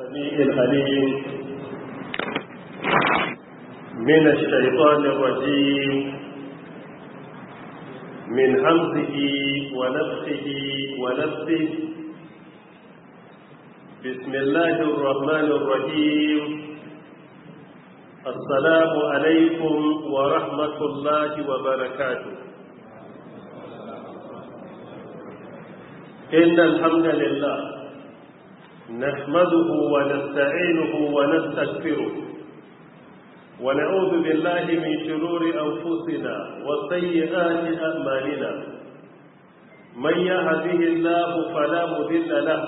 السميع العليم من الشيطان الرجيم من همزه ونفخه ونفسه بسم الله الرحمن الرحيم السلام عليكم ورحمة الله وبركاته إن الحمد لله نحمده ونستعينه ونستغفره ونعوذ بالله من شرور أنفسنا وسيئات أعمالنا من يهده الله فلا مذل له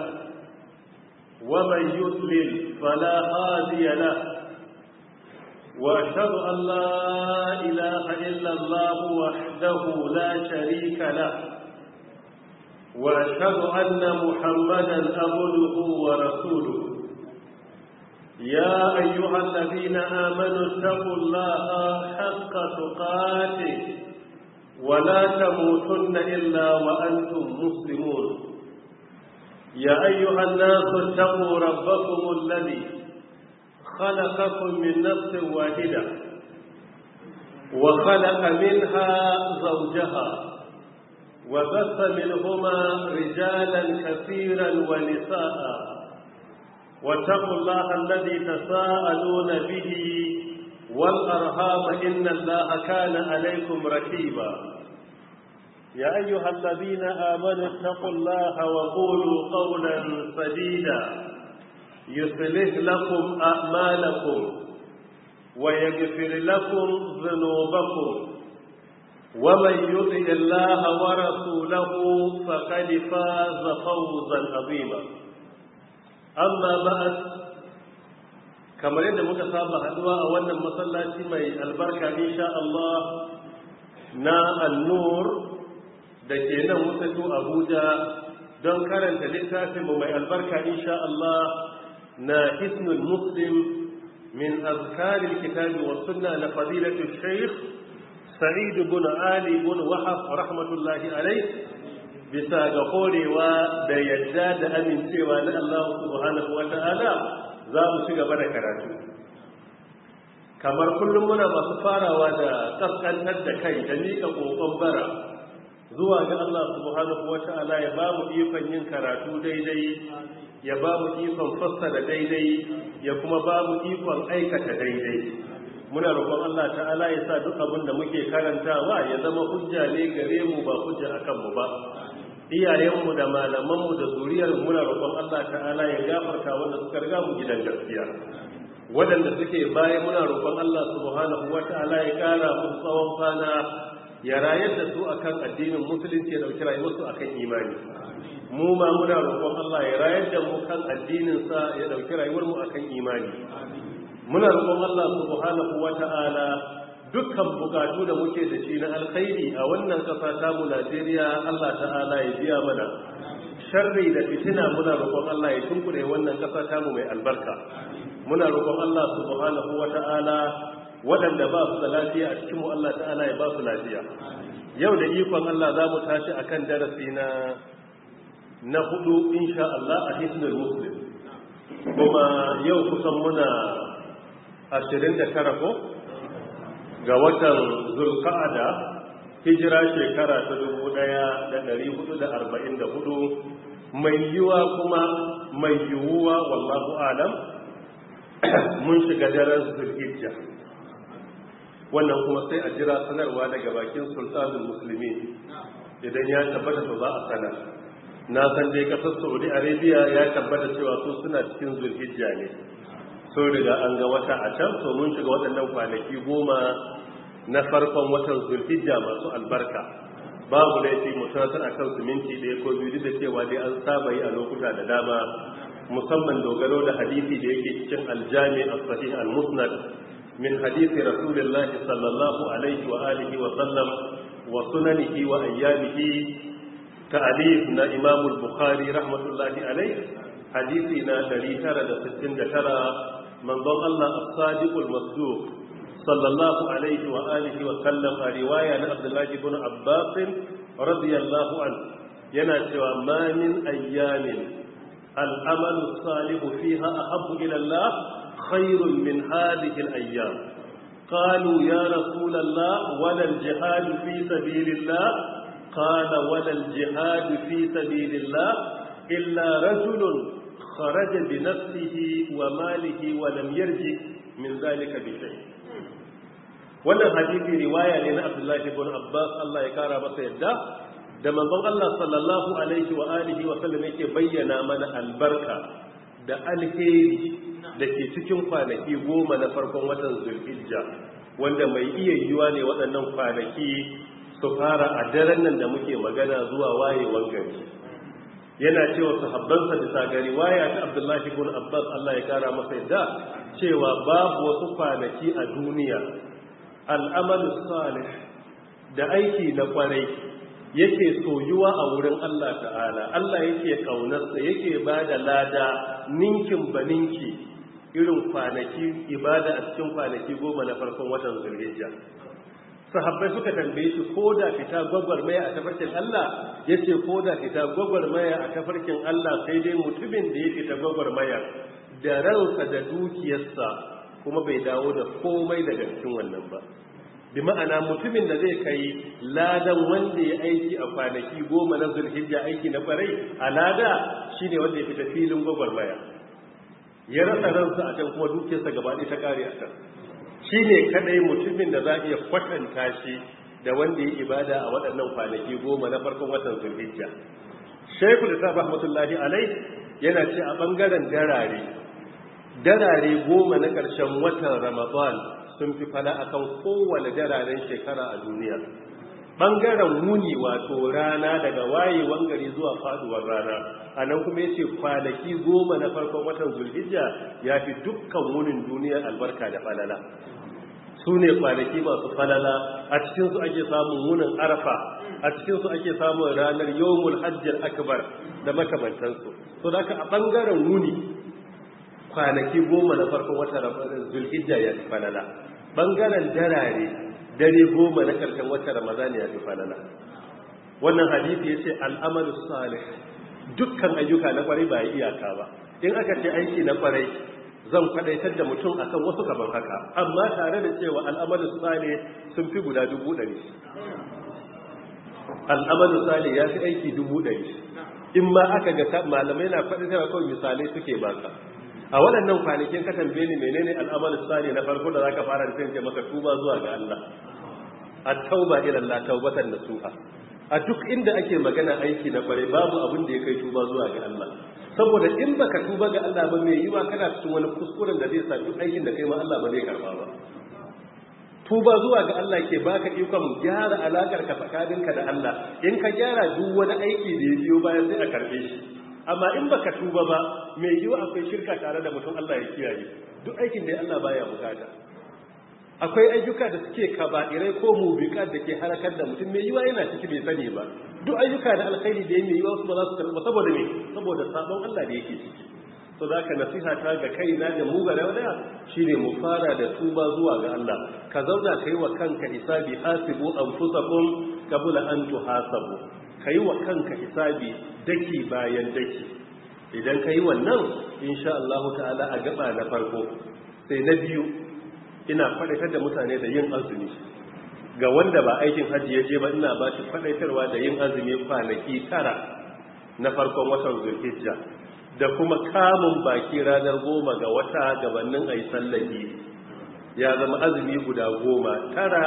ومن يضلل فلا هادي له وأشهد أن لا إله إلا الله وحده لا شريك له وأشهد أن محمدا عبده ورسوله يا أيها الذين آمنوا اتقوا الله حق تقاته ولا تموتن إلا وأنتم مسلمون يا أيها الناس اتقوا ربكم الذي خلقكم من نفس واحدة وخلق منها زوجها وبث منهما رجالا كثيرا ونساء واتقوا الله الذي تساءلون به والأرهام إن الله كان عليكم ركيبا يا أيها الذين آمنوا اتقوا الله وقولوا قولا سديدا يصلح لكم أعمالكم ويغفر لكم ذنوبكم ومن يطع الله ورسوله فقد فاز فوزا عظيما اما بعد kamar yadda muka saba haduwa a wannan masallaci mai albarka insha Allah na annur da ke nan wasu Abuja don karanta littafin mu mai albarka insha Allah na Hisnul Muslim min azkaril kitabi wa sunna na fadilatul Sheikh sa'id ibn ali ibn wahab rahmatullahi alai, bisa ga horewa da yadda da amincewa na Allah subhanahu wa za mu ci gaba da karatu kamar kullum muna masu farawa da kaskantar da kai da miƙa kokon bara zuwa ga Allah subhanahu ya ba mu ikon yin karatu daidai ya ba mu ikon fassara daidai ya kuma ba mu ikon aikata daidai muna roƙon Allah ta'ala ya sa duk abin da muke karantawa ya zama hujja ne gare mu ba hujja akan mu ba iyayenmu da malamanmu da zuriyar muna roƙon Allah ta'ala ya gafarta wanda suka riga mu gidan gaskiya waɗanda suke baya muna roƙon Allah subhanahu ala ya ƙara musu tsawon kwana ya rayar da su akan addinin musulunci ya dauki rayuwarsu akan imani mu ma muna roƙon Allah ya rayar da mu kan addinin sa ya dauki rayuwarmu akan imani muna roƙon Allah subhanahu wata'ala dukkan bukatu da muke da shi na alkhairi a wannan ƙasa ta mu Najeriya Allah ta'ala ya biya mana sharri da fitina muna roƙon Allah ya tunkure wannan ƙasa ta mu mai albarka muna roƙon Allah subhanahu wata'ala waɗanda ba su da lafiya a cikin mu Allah ta'ala ya ba su lafiya yau da ikon Allah za mu tashi akan darasi na na hudu insha Allah a hisnul muslim kuma yau kusan muna ashirin da tara ko ga watan zulka'ada hijira shekara ta dubu ɗaya da dari hudu da arba'in da hudu mai yiwuwa kuma mai yiwuwa wallahu alam mun shiga daren zulhijja wannan kuma sai a jira sanarwa daga bakin sultanin musulmi idan ya tabbata ba za a sanar na san dai kasar saudi arabia ya tabbata cewa su suna cikin zulhijja ne sun riga an ga wata a can to mun shiga waɗannan kwanaki goma na farkon watan zulhijja masu albarka babu laifi mutasar a kan su minti ɗaya ko biyu da cewa dai an saba yi a lokuta da dama musamman dogaro da hadisi da yake cikin aljami a sahih al-musnad min hadisi rasulullahi sallallahu alaihi wa alihi wa sallam wa sunanihi wa ayyamihi ta'alif na Imam Bukhari rahmatullahi alaihi hadisi na 969 manzon Allah as-sadiqul masduq sallallahu alaihi wa alihi wa sallam a riwaya na Abdullahi ibn Abbas radiyallahu an yana cewa ma min ayyamin al-amal salihu fiha ahabbu ila Allah khairun min hadhihi al-ayyam قالوا يا رسول الله ولا الجهاد في سبيل الله قال ولا الجهاد في سبيل الله إلا رجل kharaja bi nafsihi wa malihi wa lam yarji min bi wannan hadisi riwaya ne na Abdullahi ibn Abbas Allah ya kara masa yadda da manzon Allah sallallahu alaihi wa alihi wa sallam yake bayyana mana albarka da alheri da ke cikin kwanaki goma na farkon watan zulhijja wanda mai iya yiwuwa ne waɗannan kwanaki su fara a daren nan da muke magana zuwa wayewar gari yana cewa sahabbansa bisa ga riwaya ta Abdullahi ibn Abbas Allah ya kara masa yadda cewa babu wasu kwanaki a duniya al'amalu salih da aiki na kwarai yake soyuwa a wurin Allah ta'ala Allah yake kaunarsa yake ba da lada ninkin ba ninki irin kwanaki ibada a cikin kwanaki goma na farkon watan zulhijja sahabbai suka tambaye shi ko da fita gwagwarmaya a tafarkin Allah ya ce ko da fita gwagwarmaya a tafarkin Allah sai dai mutumin da ya fita gwagwarmaya da ransa da dukiyarsa kuma bai dawo da komai daga cikin wannan ba bi ma'ana mutumin da zai kai ladan wanda ya aiki a kwanaki goma na zulhijja aiki na kwarai a lada shine wanda ya fita filin gwagwarmaya ya rasa ransa a can kuma dukiyarsa gaba ɗaya ta kare a can shi ne kadai mutumin da za a iya kwatanta shi da wanda ya ibada a waɗannan kwanaki goma na farkon watan zulhijja shaikhu da rahmatullahi alai yana ce a ɓangaren darare darare goma na ƙarshen watan ramadan sun fi fada akan kowane dararen shekara a duniya bangaren wuni wato rana daga wayewan gari zuwa faduwar rana a nan kuma yace kwanaki goma na farkon watan zulhijja ya fi dukkan wunin duniyar albarka da falala su ne kwanaki masu falala a cikinsu ake samun wunin arafa a cikinsu ake samun ranar yawon hajjar akbar da makamantansu so da aka a bangaren wuni kwanaki goma na farkon watan zulhijja ya fi falala bangaren darare dare goma na karshen wata ramadan ya fi falala wannan hadisi ya ce al'amalu salih dukkan ayyuka na kwarai ba iyaka ba in aka ce aiki na kwarai zan kwadaitar da mutum a kan wasu kamar haka amma tare da cewa al'amalu salih sun fi guda dubu ɗari al'amalu salih ya fi aiki dubu ɗari in ma aka ga malamai na kwadaitarwa kawai misalai suke baka a waɗannan kwanakin ka tambaye ni menene al'amalu tsari na farko da zaka fara da maka tuba zuwa ga Allah at-tauba ila Allah tawbatan nasuha a duk inda ake magana aiki na bare babu abin da ya kai tuba zuwa ga Allah saboda in baka tuba ga Allah ba mai yiwa kana cikin wani kuskuren da zai sa duk aikin da kai ma Allah ba zai karba ba tuba zuwa ga Allah ke baka ikon gyara alakar ka ka da Allah in ka gyara duk wani aiki da ya biyo bayan sai a karbe shi amma in baka tuba ba mai yiwa akwai shirka tare da mutum Allah ya kiyaye duk aikin da Allah baya bukata akwai ayyuka da suke kaba'irai ko mubiqat da ke harakar da mutum mai yiwa yana ciki bai sani ba duk ayyuka da alkhairi da mai yiwa su ba za su karɓa saboda me saboda sabon Allah da yake ciki to zaka nasiha ta ga kaina da mu ga rawaya shine mu fara da tuba zuwa ga Allah ka zauna kai wa kanka hisabi hasibu anfusakum qabla an tuhasabu kai wa kanka hisabi daki bayan daki idan kai wannan insha Allah ta'ala a gaba na farko sai na biyu ina faɗaitar da mutane da yin azumi ga wanda ba aikin hajji ya je ba ina ba shi faɗaitarwa da yin azumi kwanaki tara na farkon watan zulhijja da kuma kamun baki ranar goma ga wata gabanin ayi yi sallaki ya zama azumi guda goma tara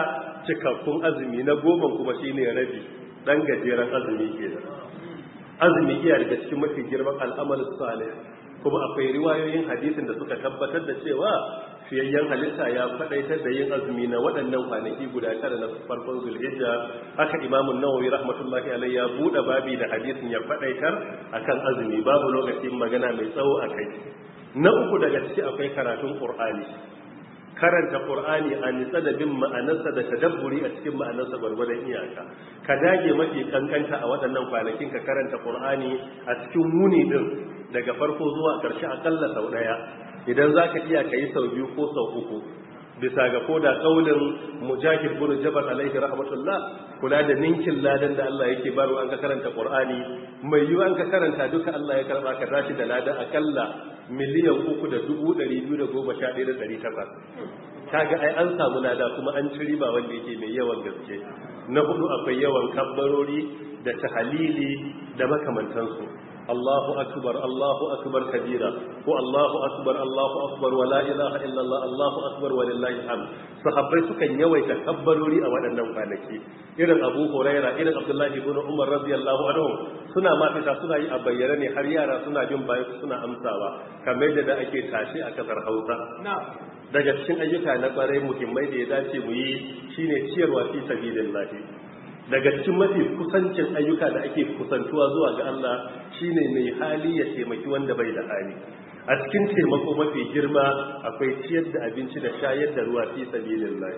cikakkun azumi na goma kuma shine rabi ɗan gajeren azumi ke da azumi iya daga cikin mafi girman al'amalin salih kuma akwai riwayoyin hadisin da suka tabbatar da cewa fiyayyen halitta ya faɗaitar da yin azumi na waɗannan kwanaki guda tara na farkon zulhijja haka imamun nawawi rahmatullahi alai ya buɗe babi da hadisin ya faɗaitar akan azumi babu lokacin magana mai tsawo a kai na uku daga ciki akwai karatun qur'ani karanta qur'ani a nitsa da bin ma'anarsa da tadabburi a cikin ma'anarsa gwargwadon iyaka ka dage mafi kankanta a waɗannan kwanakin ka karanta qur'ani a cikin muni din daga farko zuwa ƙarshe akalla sau ɗaya idan za ka iya ka yi sau biyu ko sau uku bisa ga koda ƙaunin mujahid bin jabal alaihi rahmatullah kula da ninkin ladan da Allah yake baro an ka karanta qur'ani mai yiwu an ka karanta duka Allah ya karba ka tashi da ladan akalla miliyan da 3,211,800 kaga ai an samu lada kuma an ci riba wanda yake mai yawan gaske na hudu akwai yawan kabbarori da tahalili da makamantansu Allahu akbar Allahu akbar kabira ko Allahu akbar Allahu akbar wa la ilaha illallah Allahu akbar wa lillahi alhamd sahabbai sukan yawaita kabbarori a waɗannan kwanaki irin Abu Huraira irin Abdullahi ibn Umar radiyallahu anhu suna ma fita suna yi a bayyane ne har yara suna jin bayan suna amsawa kamar da ake tashi a kasar Hausa daga cikin ayyuka na kwarai muhimmai da ya dace mu yi shine ciyarwa fi sabilillah daga cikin mafi kusancin ayyuka da ake kusantuwa zuwa ga Allah shine mai hali ya taimaki wanda bai da hali a cikin taimako mafi girma akwai ciyar da abinci da shayar da ruwa fi sabilillah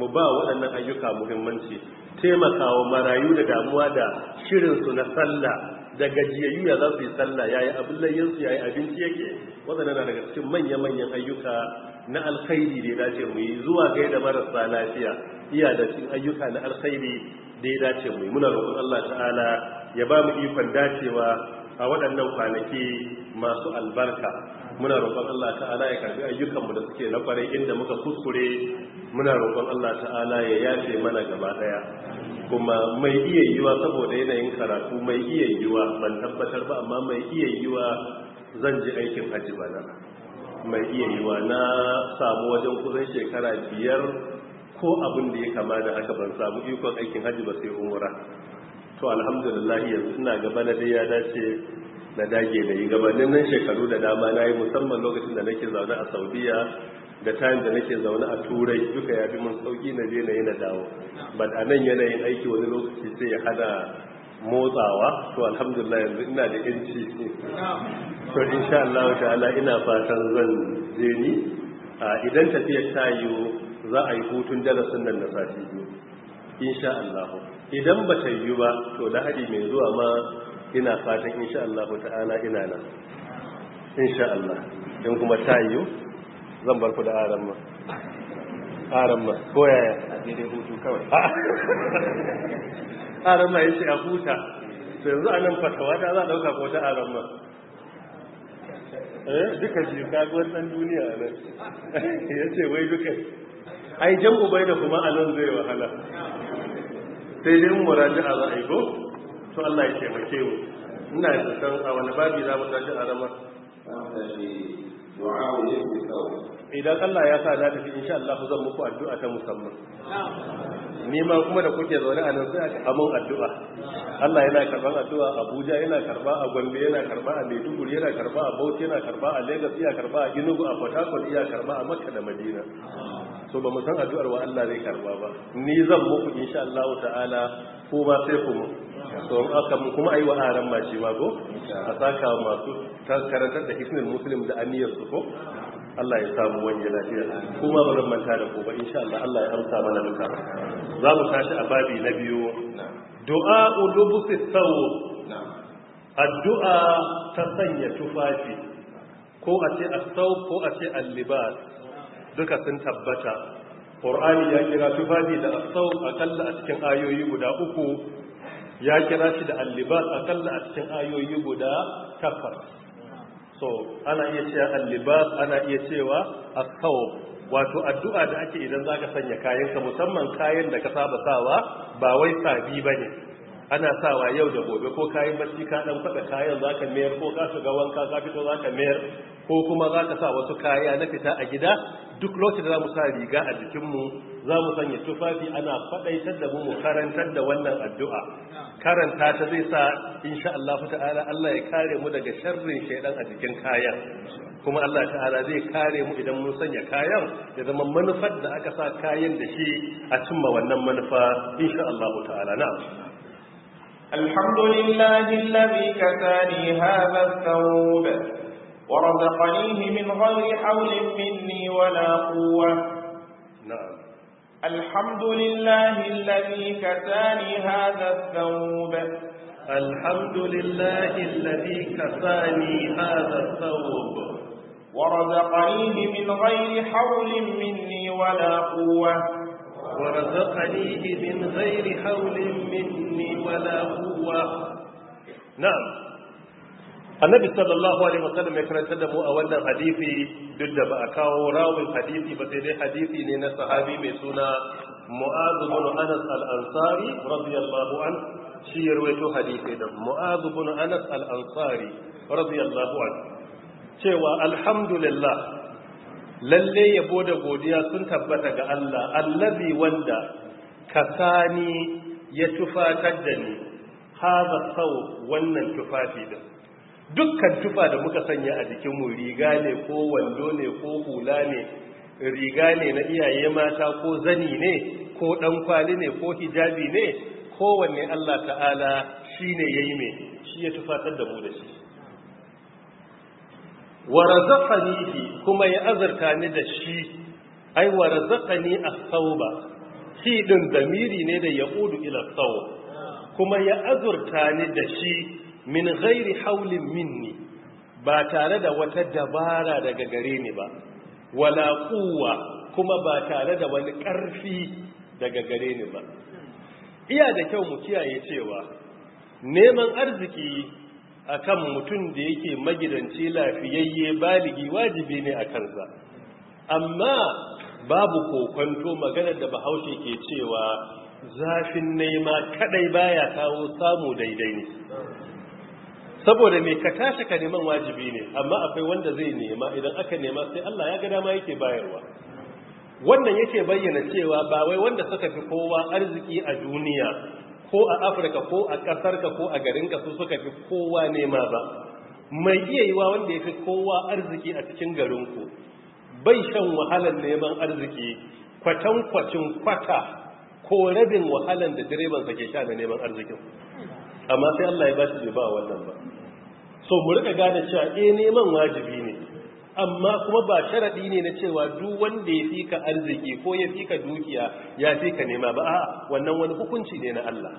mu ba waɗannan ayyuka muhimmanci taimakawa marayu da damuwa da shirin su na sallah da gajiyayyu ya za su yi sallah yayi abin su yayi abinci yake waɗannan na daga cikin manya-manyan ayyuka na alkhairi da ya dace mu yi zuwa ga da marasa lafiya iya da cikin ayyuka na alkhairi da ya dace mai muna roƙon Allah ta'ala ya ba mu ikon dacewa a waɗannan kwanaki masu albarka muna roƙon Allah ta'ala ya karbi ayyukanmu da suke na ƙwarai inda muka kuskure muna roƙon Allah ta'ala ya yafe mana gaba ɗaya kuma mai iya yiwa saboda yanayin karatu mai iya yiwa ban tabbatar ba amma mai iya yiwa zan ji aikin hajji bana mai iya yiwa na samu wajen kusan shekara biyar ko abin da ya kama da haka ban samu ikon aikin hajji ba sai umura to alhamdulillah yanzu ina gaba na dai ya dace na dage da yi gabanin nan shekaru da dama na yi musamman lokacin da nake zaune a saudiya da tayin da nake zaune a turai duka ya fi mun sauki na je na yi na dawo ba a nan yanayin aiki wani lokaci sai ya hada motsawa to alhamdulillah yanzu ina da yanci to insha Allah ta'ala ina fatan zan je ni idan tafiyar ta yiwu za a yi hutun darasin nan na sati biyu insha Allah idan ba ta yi ba to lahadi mai zuwa ma ina fatan insha Allah ta'ala ina nan insha Allah don kuma ta yi zan bar ku da aran ma aran ma ko yaya a daidai hutu kawai aran ma yace a huta to yanzu anan fatawa ta za a dauka ko ta aran ma eh duka shi ka ga wannan duniya ne ce wai duka ai jan ubai da kuma anan zai wahala sai dai mu muraji a ra'ayi ko to Allah ya taimake mu ina da san a wani babi za mu tashi a ramar idan Allah ya sa na tafi insha Allah zan muku addu'a ta musamman ni ma kuma da kuke zaune a nan sai a mun addu'a Allah yana karban addu'a a Abuja yana karba a Gombe yana karba a Maiduguri yana karba a Bauchi yana karba a Lagos yana karba a Enugu a Port Harcourt yana karba a Makka da Madina so ba mu san addu'ar wa Allah zai karba ba ni zan muku insha Allah ta'ala ko ba sai ku mu so aka mu kuma ayi wa aran ma shi ma go a saka masu karantar da hisnul muslim da aniyar su ko Allah ya samu wani lafiya kuma ba zan manta da ku ba insha Allah Allah ya amsa mana duka za mu tashi a babi na biyu du'a ulubusi sawu addu'a ta sanya tufafi ko a ce as ko a ce al duka sun tabbata ƙor'ani ya kira tufafi da asau akalla a cikin ayoyi guda uku ya kira shi da allibas akalla a cikin ayoyi guda takwas so ana iya cewa allibas ana iya cewa asau wato addu'a da ake idan za ka sanya kayanka musamman kayan da ka saba sawa ba wai sabi ba ne ana sawa yau da gobe ko kayan bacci ka dan fada kayan zaka mayar ko ka shiga wanka ka fito zaka mayar ko kuma za ka sa wasu kaya na fita a gida duk lokacin da za mu sa riga a jikinmu za mu sanya tufafi ana faɗaitar da mu mu karantar da wannan addu'a karanta ta zai sa insha Allah ta'ala Allah ya kare mu daga sharrin shaidan a jikin kayan kuma Allah ta'ala zai kare mu idan mun sanya kayan da zama manufar da aka sa kayan da shi a cimma wannan manufa insha Allah ta'ala na الحمد لله الذي كساني هذا الثوب ورزقنيه من غير حول مني ولا قوة نعم الحمد لله الذي كساني هذا الثوب الحمد لله الذي كساني هذا الثوب ورزقنيه من غير حول مني ولا قوة ورزقنيه من غير حول مني ولا قوة نعم annabi sallallahu alaihi wasallam ya karanta da mu a wannan hadisi duk da ba a kawo rawin hadisi ba sai dai hadisi ne na sahabi mai suna mu'adh bin anas al-ansari radiyallahu an shi ya rawaito hadisi da mu'adh bin anas al-ansari radiyallahu an cewa alhamdulillah lalle yabo da godiya sun tabbata ga Allah allazi wanda kasani ya tufatar da ni haza sau wannan tufafi din dukkan tufa da muka sanya a jikinmu riga ne ko wando ne ko hula ne riga ne na iyaye mata ko zani ne ko ɗankwali kwali ne ko hijabi ne kowanne Allah ta'ala shi ne ya yi mai shi ya tufatar da mu da shi wa razaqanihi kuma ya azurta ni da shi ai wa razaqani as-sauba shi din zamiri ne da yaudu ila sau. kuma ya azurta ni da shi min ghairi haulin minni ba tare da wata dabara daga gare ni ba wala kuwa kuma ba tare da wani ƙarfi daga gare ni ba iya da kyau mu kiyaye cewa neman arziki akan mutum da yake magidanci lafiyayye baligi wajibi ne a kansa amma babu kokwanto maganar da bahaushe ke cewa zafin nema kadai baya kawo samu daidai ne saboda mai ka tashi ka neman wajibi ne amma akwai wanda zai nema idan aka nema sai Allah ya ga dama yake bayarwa wannan yake bayyana cewa ba wai wanda suka fi kowa arziki a duniya ko a Afirka ko a kasarka ko a garinka su suka fi kowa nema ba mai iya yiwa wanda ya fi kowa arziki a cikin garin ku bai shan wahalar neman arziki kwatan kwacin kwata ko rabin wahalar da direbansa ke sha da neman arzikin amma sai Allah ya ba shi ba wannan ba so mu rika gane cewa eh neman wajibi ne amma kuma ba sharadi ne na cewa duk wanda ya fika arziki ko ya fika dukiya ya ka nema ba a'a wannan wani hukunci ne na Allah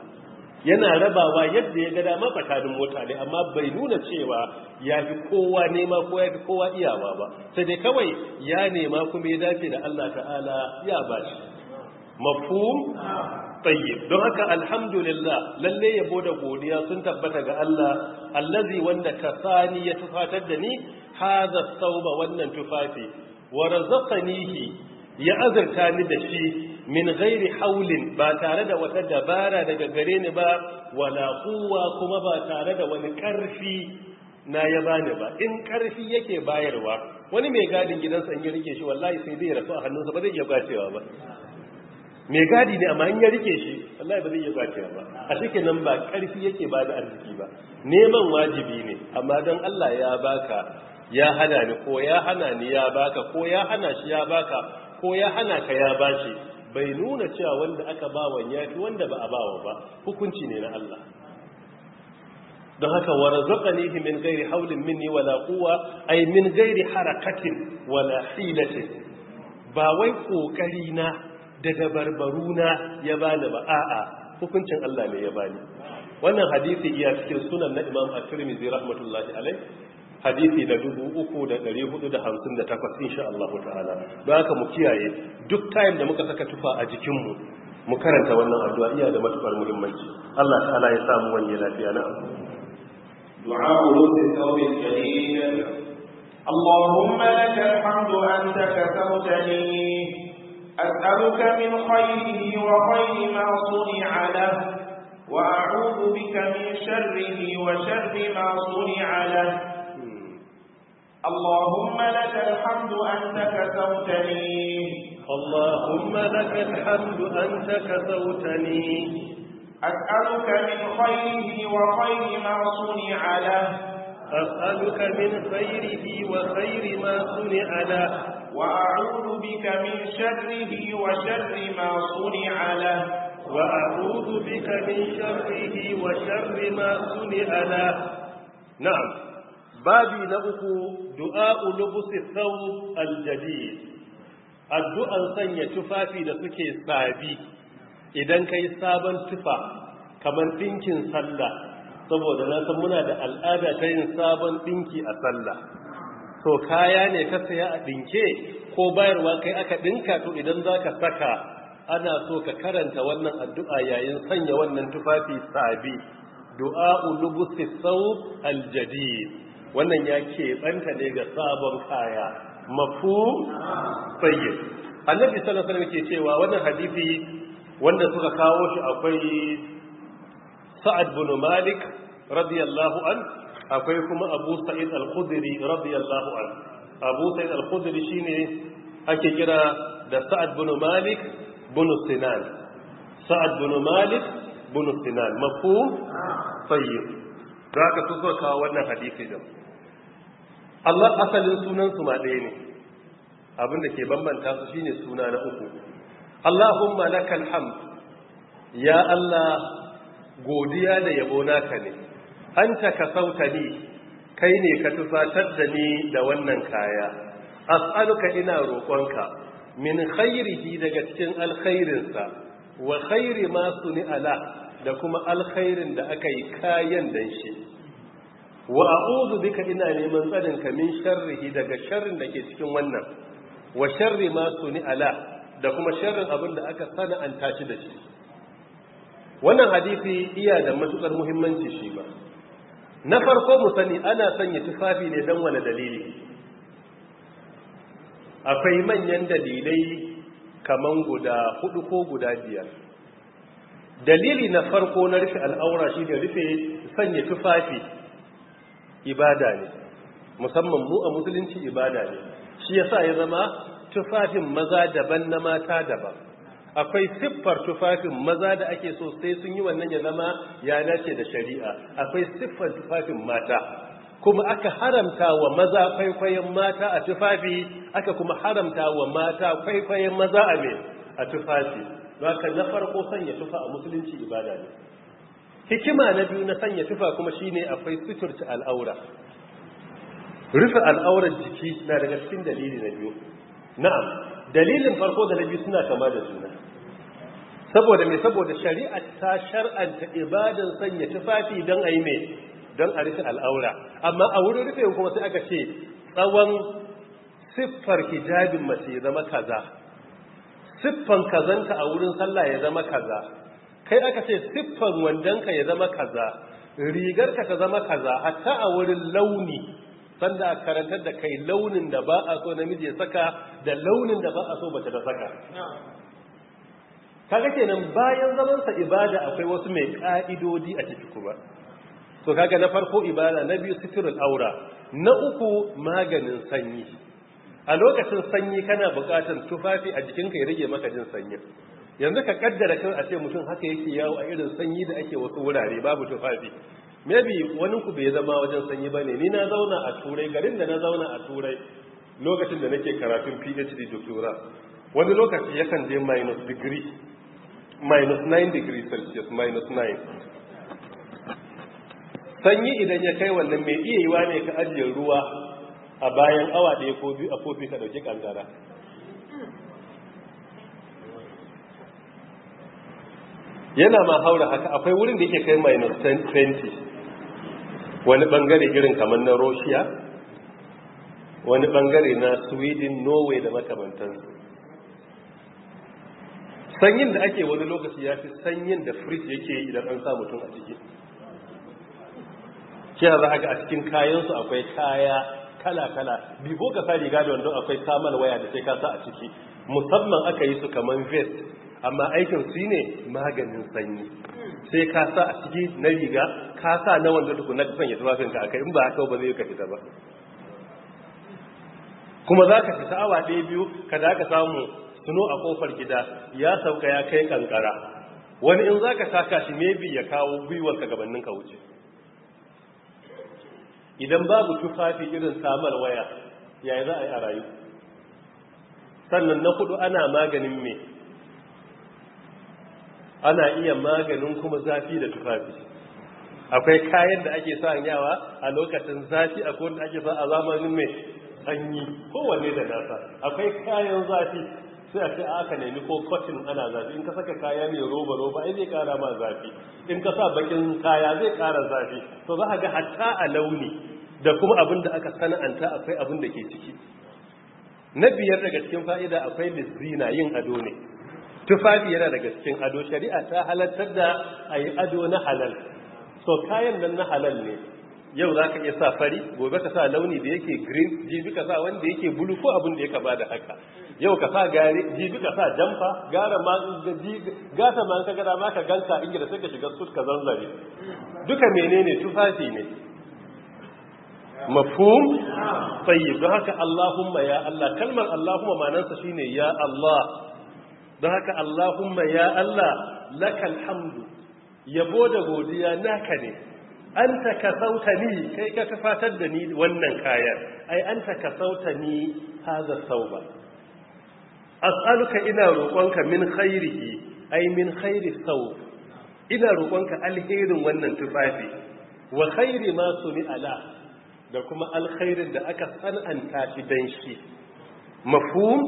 yana rabawa yadda ya ga dama mota mutane amma bai nuna cewa ya fi kowa nema ko ya fi kowa iyawa ba sai dai kawai ya nema kuma ya dace da Allah ta'ala ya bashi mafhum tayyib don haka alhamdulillah lalle yabo da godiya sun tabbata ga Allah allazi wanda kasani ya tufatar da ni hadha thawba wannan tufafi wa razaqanihi ya azurta ni da shi min ghairi haulin ba tare da wata dabara daga gare ni ba wala quwwa kuma ba tare da wani karfi na ya bani ba in karfi yake bayarwa wani mai gadin gidansa in ya rike shi wallahi sai zai rasu a hannunsa ba zai iya kwacewa ba mai gadi ne amma in ya rike shi ya ba zai iya kwace ba a shike nan ba karfi yake ba da arziki ba neman wajibi ne amma don Allah ya baka ya hana ni ko ya hana ni ya baka ko ya hana shi ya baka ko ya hana ka ya bashi bai nuna cewa wanda aka wa ya fi wanda ba a bawa ba hukunci ne na Allah don haka wa razaqanihi min ghairi hawlin minni wala quwwa ay min ghairi harakatin wala hilatin ba wai kokari na Daga barbaruna ya bani ba a'a hukuncin Allah ne ya bani wannan hadisi iya cikin sunan na Imam At-Tirmidhi rahmatullahi alaihi hadisi da 3458 insha Allah ta'ala don haka mu kiyaye duk time da muka saka tufa a jikin mu mu karanta wannan addu'a iya da matukar muhimmanci Allah ta'ala ya samu wani lafiya na abu du'a tawbi jadid Allahumma أسألك من خيره وخير ما صنع له وأعوذ بك من شره وشر ما صنع له اللهم لك الحمد أنت كسوتني اللهم لك الحمد أنت كسوتني أسألك من خيره وخير ما صنع له أسألك من خيره وخير ما صنع له وأعوذ بك من شره وشر ما صنع له وأعوذ بك من شره وشر ما صنع له نعم بابي نبك دعاء لبس الثوب الجديد addu'an sanya tufafi da suke sabi idan ka yi sabon tufa kamar ɗinkin sallah saboda na san muna da al'ada ta yin sabon ɗinki a sallah to kaya ne ka saya a ɗinke ko bayarwa kai aka ɗinka to idan za ka saka ana so ka karanta wannan addu'a yayin sanya wannan tufafi sabi du'a ulubusi sau aljadid wannan ya keɓanta ne ga sabon kaya mafu tsaye annabi sallallahu alaihi wasallam ke cewa wannan hadisi wanda suka kawo shi akwai sa'ad bin malik radiyallahu an akwai kuma abu sa'id al-khudri radiyallahu an abu sa'id al shi ne ake kira da sa'ad bin malik bin sinan sa'ad bin malik bin sinan mafhum tayyib Za ka so kawo wannan hadisi din Allah asalin sunan su ma ne abin da ke bambanta su shine suna na uku Allahumma lakal hamd ya Allah godiya da yabo naka ne anta ni kai ne ka tufatar da ni da wannan kaya as'aluka ina roƙonka min khairihi daga cikin alkhairinsa wa khairi ma suni ala da kuma alkhairin da aka yi kayan dan shi wa a'udhu bika ina neman tsarin ka min sharrihi daga sharrin da ke cikin wannan wa sharri ma suni ala da kuma sharrin abin da aka sana'anta shi da shi wannan hadisi iya da matukar muhimmanci shi ba na farko mu sani ana sanya tufafi ne don wani dalili akwai manyan dalilai kaman guda hudu ko guda biyar dalili na farko na rufe al'aura shi ne rufe sanya tufafi ibada ne musamman mu a musulunci ibada ne shi yasa ya zama tufafin maza daban na mata daban akwai siffar tufafin maza da ake so sai sun yi wannan ya zama ya dace da shari'a akwai siffar tufafin mata kuma aka haramta wa maza kwaikwayon mata a tufafi aka kuma haramta wa mata kwaikwayon maza a me a tufafi ka na farko sanya tufa a musulunci ibada ne hikima na biyu na sanya tufa kuma shine akwai suturta al'aura rufe al'aurar jiki na daga cikin dalili na biyu na'am dalilin farko da na biyu suna kama da juna saboda mai saboda shari'a ta shar'anta ibadan sanya tufafi don a yi mai don a rufe al'aura amma a wurin rufe kuma sai aka ce tsawon siffar hijabin mace ya zama kaza siffan kazanka a wurin sallah ya zama kaza kai aka ce siffan wandonka ya zama kaza rigarka ta zama kaza hatta a wurin launi sanda a karantar da kai launin da ba a so namiji ya saka da launin da ba a so mace ta saka kaga kenan bayan zaman sa ibada akwai wasu mai ka'idodi a ciki kuma to kaga na farko ibada na biyu sitirul aura na uku maganin sanyi a lokacin sanyi kana buƙatar tufafi a jikinka ya rage maka jin sanyi yanzu ka kaddara kan a ce mutum haka yake yawo a irin sanyi da ake wasu wurare babu tufafi maybe wani ku bai zama wajen sanyi bane ni na zauna a turai garin da na zauna a turai lokacin da nake karatun PhD doctoral wani lokaci yakan je minus degree minus 9 degree celsius minus 9 sanyi idan ya kai wannan mai iya yiwa ne ka ajiye ruwa a bayan awa da ya kofi a kofi ka dauki kankara yana ma haura haka akwai wurin da yake kai minus 20 wani bangare irin kamar na russia wani bangare na sweden norway da makamantansu sanyin da ake wani lokaci ya fi sanyin da frit yake yi idan an sa mutum a ciki kira za a ga a cikin kayansu akwai kaya kala-kala bibo ka sa riga da wando akwai samun waya da sai ka sa a ciki musamman aka yi su kamar vest amma aikin su ne maganin sanyi sai ka sa a ciki na riga ka sa na wanda duk na sanya tufafinka akai in ba haka ba zai ka fita ba kuma za ka fi sa'awa ɗaya biyu ka da ka samu tuno a kofar gida ya sauka ya kai kankara wani in zaka saka shi maybe ya kawo gwiwar ka gabanin ka wuce idan babu tufafi irin samar waya yayi za a yi a rayu sannan na kudu ana maganin me ana iya maganin kuma zafi da tufafi akwai kayan da ake sa yawa a lokacin zafi akwai wanda ake sa a zamanin mai sanyi kowanne da nasa akwai kayan zafi sai a ce aka ah, nemi ko kwacin ana zafi in ka saka kaya mai roba roba ai zai kara ma zafi in ka sa bakin kaya zai kara zafi to za a ga hatta a launi da kuma abin da aka sana'anta akwai abin da ke ciki na biyar daga cikin fa'ida akwai lizina yin ado ne tufafi yana daga cikin ado shari'a ta halartar da a yi ado na halal so kayan nan na halal ne yau za ka iya sa fari gobe ka sa launi da yake green jibi ka sa wanda yake bulu ko abin da ya kaba da haka yau ka sa gari jibi ka sa jamfa gara ma gata ma ka gara ma ka ganta ingila sai ka shiga sut ka zanzare duka menene tufafi ne mafhum tayyib don haka allahumma ya allah kalmar allahumma manansa shine ya allah don haka allahumma ya allah lakal hamdu yabo da godiya naka ne anta kasauta ni kai ka fatar da ni wannan kayan ai anta kasauta ni hadha sauba as'aluka ina roƙonka min khairihi ai min khairi thawb ina roƙonka alherin wannan tufafi wa khairi ma sumi ala da kuma alkhairin da aka san'anta shi dan shi mafhum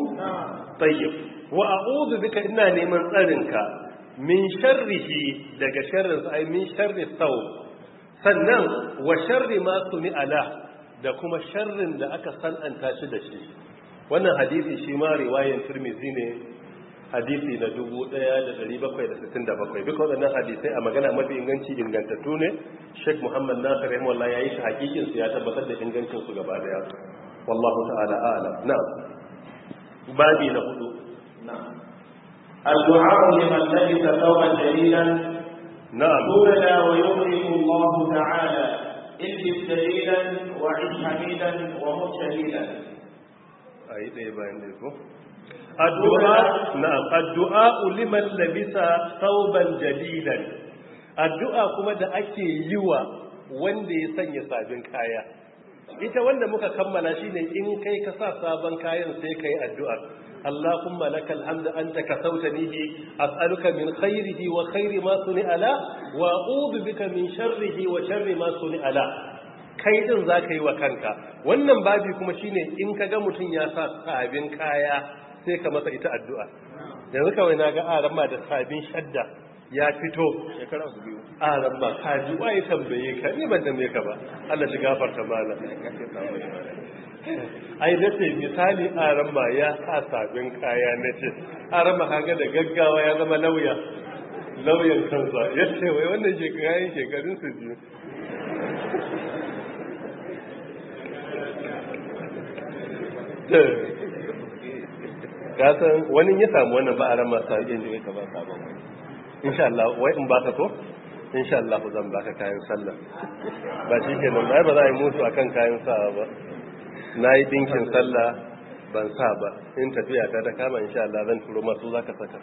tayyib wa a'udhu bika ina neman tsarinka min sharrihi daga sharrinsa ai min sharri thawb sannan wa sharri ma ala da kuma sharrin da aka san'anta shi da shi wannan hadisi shi ma riwayan turmizi ne hadisi na 1767 duka waɗannan hadisai a magana mafi inganci ingantattu ne sheikh muhammad nasir rahimahullah ya yi shi hakikin su ya tabbatar da ingancin su gaba daya wallahu ta'ala a'lam na'am babi na hudu na'am الدعاء لمن لبس ثوبا جليلا نعم قولا ويغني الله تعالى البس دليلا وعد حميدا ومت أي دي باين الدعاء نعم الدعاء لمن لبس ثوبا جديدا الدعاء كما دا ake yi wa wanda ya sanya sabin kaya ita wanda muka kammala shine in kai ka sa sabon kayan sai kai addu'a اللهم لك الحمد أنت كسوتني به أسألك من خيره وخير ما صنع لا وأعوذ بك من شره وشر ما صنع لا kai din za ka yi wa kanka wannan babi kuma shine in ka ga mutum ya sa sabin kaya sai ka masa ita addu'a yanzu kawai na ga aramma da sabin shadda ya fito aramma ka ji wa ya tambaye ka ni ban tambaye ka ba Allah shi gafarta mana ai na ce misali arama ya sa sabin kaya na ce arama haka da gaggawa ya zama lauya lauyan kansa ya ce wai wannan shekarun shekarun su biyu gasan wani ya samu wannan ba a rama sabin da ya kaba sabon wani insha Allah wai in ka ko insha Allah zan baka kayan sallah ba shi ke nan ba za a yi musu akan kayan sawa ba na yi dinkin sallah ban sa ba in tafiya ta ta kama insha Allah zan turo masu za ka saka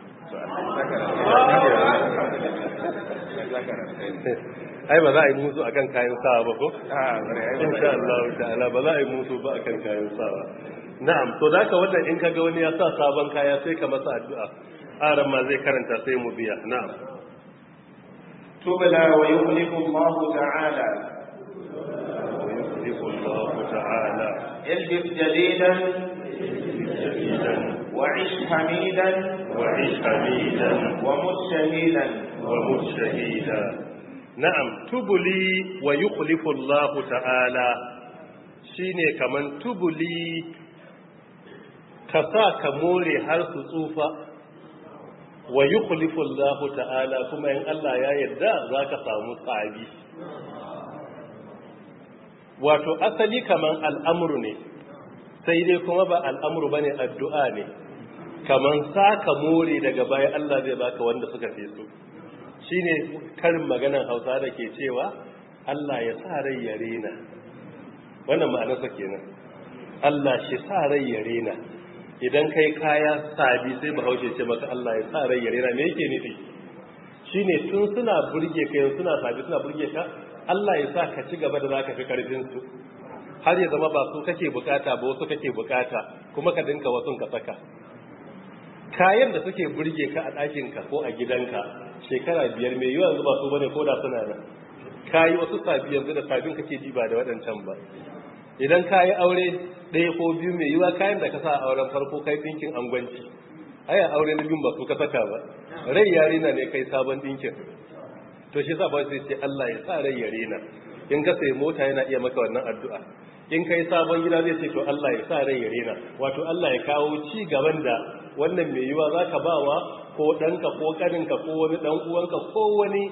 ai ba za a yi musu akan kayan sawa ba ko ah, insha Allah ta'ala ba za a yi musu ba akan kayan sawa na'am to da ka wannan in kaga wani ya sa sabon kaya sai ka masa addu'a aran ma zai karanta sai mu biya na'am tubala wa yuhliku Allah ta'ala wa yuhliku Allah ta'ala اجلب جديدا وعش حميدا وعش حميدا ومت شهيدا ومت شهيدا نعم تب لي ويخلف الله تعالى شيني كمان تب لي كسا كموري هل تصوفا ويخلف الله تعالى كما ان الله يا يدا ذاك صامت قاعدي wato asali kaman al'amuru ne sai dai kuma ba al'amuru ba ne addu'a ne kaman saka more daga baya Allah zai baka wanda suka fi su shi ne karin maganan hausa da ke cewa Allah ya sa rai ya rena wannan ma'anarsa kenan Allah shi sa rai ya rena idan kai kaya sabi sai bahaushe ce maka Allah ya sa rai ya rena me yake nufi shine tun suna burge kai suna sabi suna burge ka Allah ya sa ka ci gaba da zaka fi karfin su har ya zama ba su kake bukata ba wasu kake bukata kuma ka dinka wasun ka saka kayan da suke burge ka a ɗakinka ko a gidanka shekara biyar mai yiwuwa yanzu ba su bane ko da suna nan kayi wasu sabi yanzu da sabin kake ji ba da waɗancan ba idan kayi aure ɗaya ko biyu mai yiwuwa kayan da ka sa a auren farko kai ɗinkin angwanci aya aure na biyun ba su ka saka ba rai yarina ne kai sabon ɗinkin to shi yasa ba sai ce Allah ya sa rai ya rena in ka sai mota yana iya maka wannan addu'a in kai sabon gida zai ce to Allah ya sa rai ya rena wato Allah ya kawo ci gaban da wannan mai yiwa zaka bawa ko danka ko kaninka ko wani dan uwanka ko wani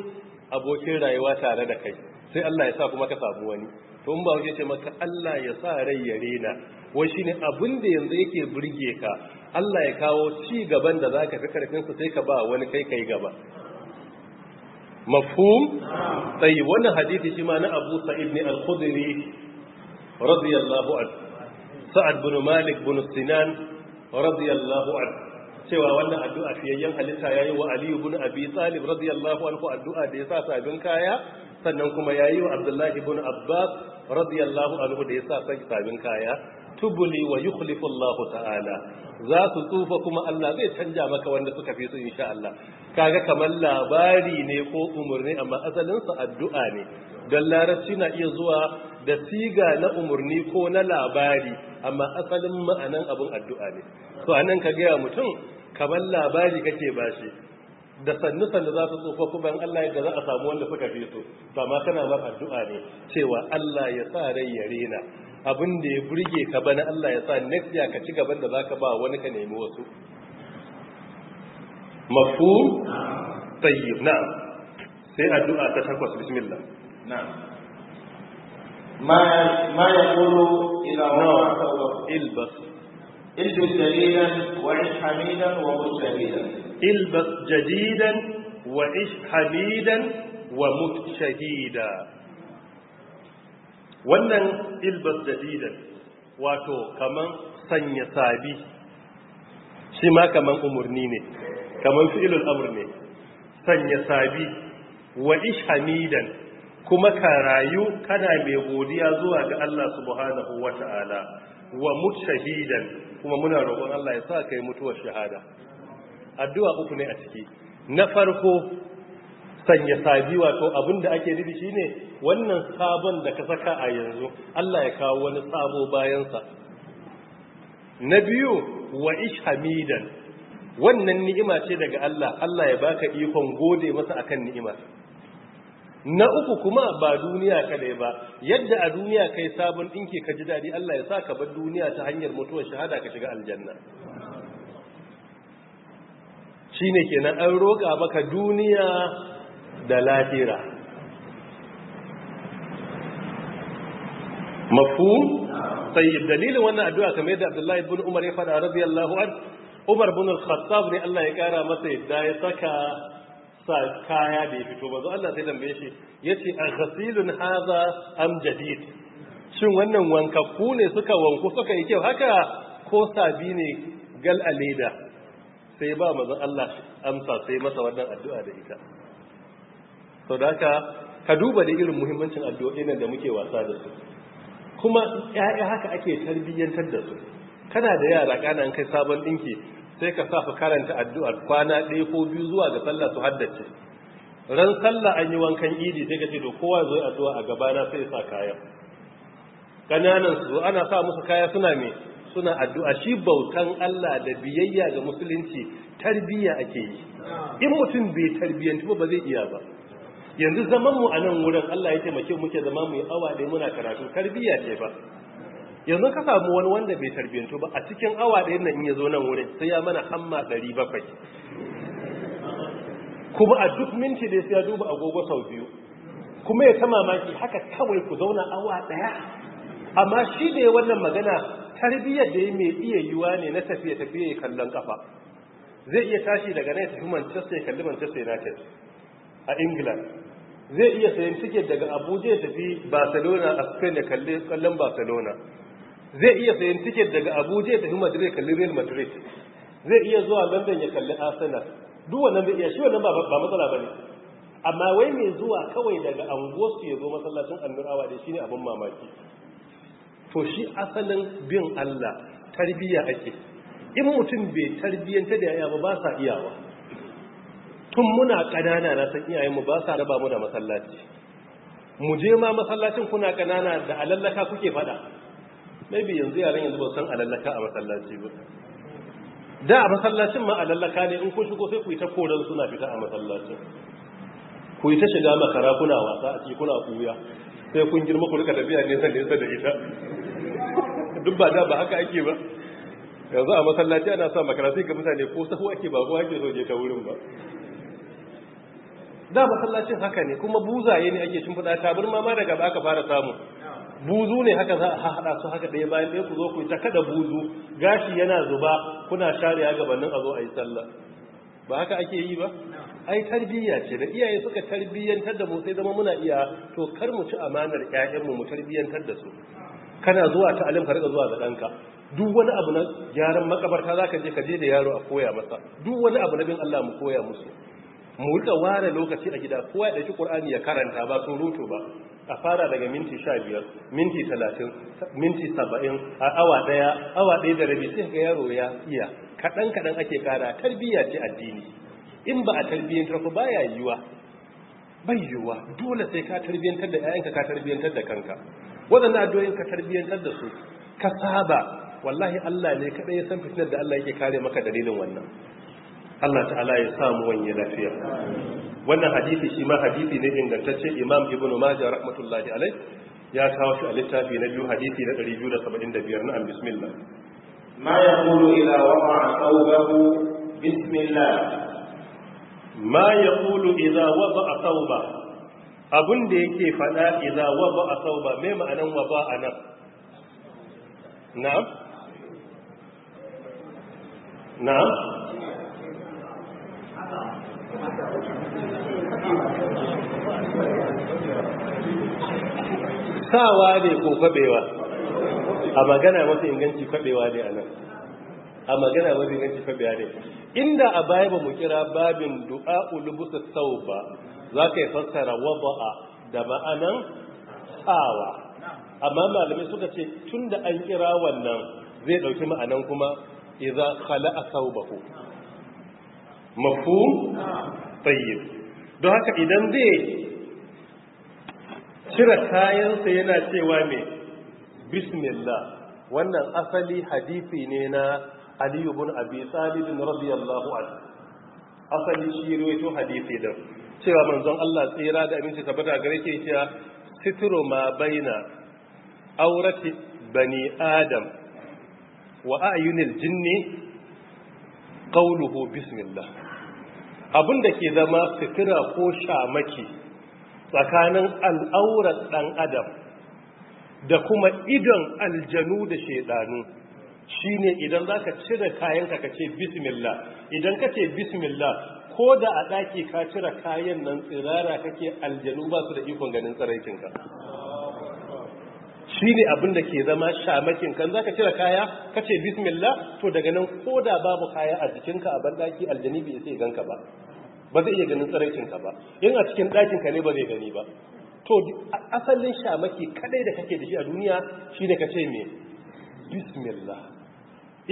abokin rayuwa tare da kai sai Allah ya sa kuma ka samu wani to in ba wuce ce maka Allah ya sa rai ya rena wai shine abin da yanzu yake burge ka Allah ya kawo ci gaban da zaka fi karfin sai ka ba wani kai kai gaba mafhum tsayi wannan hadisi shi ma na abu sa'id ne al-khudri radiyallahu an sa'ad bin malik bin sinan radiyallahu an cewa wannan addu'a fiyayyen ya yi wa aliyu ibn abi talib radiyallahu addu'a da yasa sabin kaya sannan kuma yayi wa abdullahi ibn abbas radiyallahu anhu da yasa sabin kaya tubuli wa yukhlifu Allah ta'ala za su tsufa kuma Allah zai canja maka wanda suka fi su insha Allah kaga kamar labari ne ko umurni amma asalin sa addu'a ne dan larabci na iya zuwa da siga na umurni ko na labari amma asalin ma'anan abun addu'a ne to anan ka ga mutum kamar labari kake bashi da sannu-sannu za su tsufa kuma in Allah yadda za a samu wanda suka fi su amma kana ba addu'a ne cewa Allah ya sa rai ya rena abin da ya burge ka bana Allah ya sa next year ka ci gaban da zaka ba wani ka nemi wasu mafhum tayyib na. sai addu'a ta takwas bismillah na'am ma ma yaqulu ila rabbika ilbas ilbas jadidan wa ish hamidan wa mut shahidan ilbas jadidan wa ish hamidan wa mut shahida wannan ilbas jadidan wato kaman sanya sabi shi ma kaman umurni ne kaman fi'ilul amr ne sanya sabi wa ish hamidan kuma ka rayu kana mai godiya zuwa ga Allah subhanahu wata'ala wa mutshahidan kuma muna roƙon Allah ya sa kai mutuwar shahada addu'a uku ne a ciki na farko sanya sabi wato abinda ake nufi shine wannan sabon da ka saka a yanzu Allah ya kawo wani sabo bayansa na biyu wa ish hamidan wannan ni'ima ce daga Allah Allah ya baka ikon gode masa akan ni'ima na uku kuma ba duniya kadai ba yadda a duniya kai sabon ke ka ji dadi Allah ya sa ka bar duniya ta hanyar mutuwar shahada ka shiga aljanna shine kenan an roƙa maka duniya da lahira mafhum tayyib dalilin wannan addu'a kamar yadda Abdullahi ibn Umar ya fada radiyallahu an Umar ibn al-Khattab ne Allah ya kara masa yadda ya saka sa kaya da ya fito ba zo Allah sai dambe shi yace aghsilun hadha am jadid shin wannan wankakku ne suka wanku suka yi kyau haka ko sabi ne gal aleda sai ba mazan Allah amsa sai masa wannan addu'a da ita sau da ka duba da irin muhimmancin addu'o'in da muke wasa da su kuma ya'ya haka ake tarbiyyantar da su kana da yara kanan kai sabon dinki sai ka sa karanta addu'a kwana ɗaya ko biyu zuwa ga sallah su haddace ran sallah an yi wankan idi sai ka ce to kowa zo addu'a a gabana sai sa kaya kananan su ana sa musu kaya suna me suna addu'a shi bautan Allah da biyayya ga musulunci tarbiyya ake yi in mutum bai tarbiyyanci ba zai iya ba yanzu zaman mu a nan wurin Allah ya taimake mu ke zama mu yi awa ɗaya muna karatu tarbiyya ce ba yanzu ka samu wani wanda bai tarbiyantu ba a cikin awa ɗaya nan ya zo nan wurin sai ya mana hamma ɗari bakwai kuma a duk minti da ya duba agogo sau biyu kuma ya ta mamaki haka kawai ku zauna awa ɗaya amma shi da ya wannan magana tarbiyyar da ya mai iya yiwa ne na tafiye-tafiye kallon kafa zai iya tashi daga nan ya tafi manchester ya kalli manchester united a england zai iya sayan tiket daga abuja ya tafi barcelona a spain ya kalli kallon barcelona zai iya sayan tiket daga abuja ya tafi madrid kalli real madrid zai iya zuwa london ya kalli arsenal duk wannan zai iya shi wannan ba matsala ba ne amma wai mai zuwa kawai daga anguwarsu ya zo masallacin annurawa da shi ne abin mamaki to shi asalin bin allah tarbiyya ake in mutum bai tarbiyyanta da yaya ba ba sa iyawa tun muna ƙanana na san iyayenmu ba sa raba mu da masallaci mu je ma masallacin kuna ƙanana da alallaka kuke faɗa maybe yanzu yaran yanzu ba san alallaka a masallaci ba da a masallacin ma alallaka ne in kun shigo sai ku yi ta koran suna fita a masallacin ku yi ta shiga makara kuna wasa a ciki kuna kuya sai kun girma ku rika tafiya nesa nesa da ita duk ba da ba haka ake ba yanzu a masallaci ana sa makara sai ga mutane ko sahu ake ba ko ake so je ta wurin ba da masallacin haka ne kuma buzaye ne ake shimfiɗa tabarma ma daga aka fara samu buzu ne haka za a haɗa su haka ɗaya bayan ɗaya ku zo ku ta kada buzu gashi yana zuba kuna share ya gabanin a zo a yi sallah ba haka ake yi ba ai tarbiyya ce da iyaye suka tarbiyyantar da mu sai zama muna iya to kar mu ci amanar ƴaƴanmu mu tarbiyyantar da su kana zuwa ta alim ka zuwa ga ɗanka duk wani abu na gyaran makabarta zaka je ka je da yaro a koya masa duk wani abu na bin Allah mu koya musu mu rika ware lokaci a gida kowa ya ɗauki ƙur'ani ya karanta ba sun rutu ba a fara daga minti sha minti talatin minti saba'in awa ɗaya awa ɗaya da rabi sai ga yaro ya iya kaɗan kaɗan ake kara tarbiyya ce addini in ba a tarbiyyantar ku baya yiwa bai yiwa dole sai ka tarbiyyantar da 'ya'yanka ka tarbiyyantar da kanka wadannan addu'o'in ka tarbiyyantar da su ka saba wallahi Allah ne kaɗai ya san fitinar da Allah yake kare maka dalilin wannan Allah ta'ala ya samu wanye lafiya wannan hadisi shi ma hadisi ne ingantacce imam ibn majah rahmatullahi alai ya kawo shi a littafi na biyu hadisi na 275 na bismillah ma yaqulu ila wada'a thawbahu bismillah ma yaqulu idza wada'a thawba abun da yake fada idza wada'a thawba me ma'anan wada'a nan na'am na'am sawa ne ko kwabewa a magana wata inganci kwabewa ne a nan a magana wata inganci kwabewa ne inda a baya ba mu kira babin du'a ulubusa sau ba za ka yi fassara waba'a da ma'anan sawa amma malamai suka ce tun da an kira wannan zai ɗauki ma'anan kuma iza khala'a saubahu mafu tayyib don haka idan zai cire kayansa yana cewa mai bismillah wannan asali hadisi ne na aliyu bin abi talibin radiyallahu anhu asali shi ruwaito hadisi da cewa manzon Allah tsira da aminci tabbata gare ke cewa sitru ma baina aurati bani adam wa ayunil jinni qawluhu bismillah abin da ke zama sutura ko shamaki tsakanin al'aurar ɗan adam da kuma idon aljanu da shaidanu shine idan za ka cire kayanka ka ce bismillah idan ka ce bismillah ko da a ɗaki ka cire kayan nan tsirara kake aljanu ba su da ikon ganin tsaraikinka shi ne abin da ke zama shamakin kan za ka cire kaya ka ce bismillah to daga nan ko da babu kaya a jikinka a banɗaki aljani bai sai ganka ba ba zai iya ganin tsiraicinka ba in a cikin ɗakinka ne ba zai gani ba to asalin shamaki kadai da kake da shi a duniya shi ne ka ce me bismillah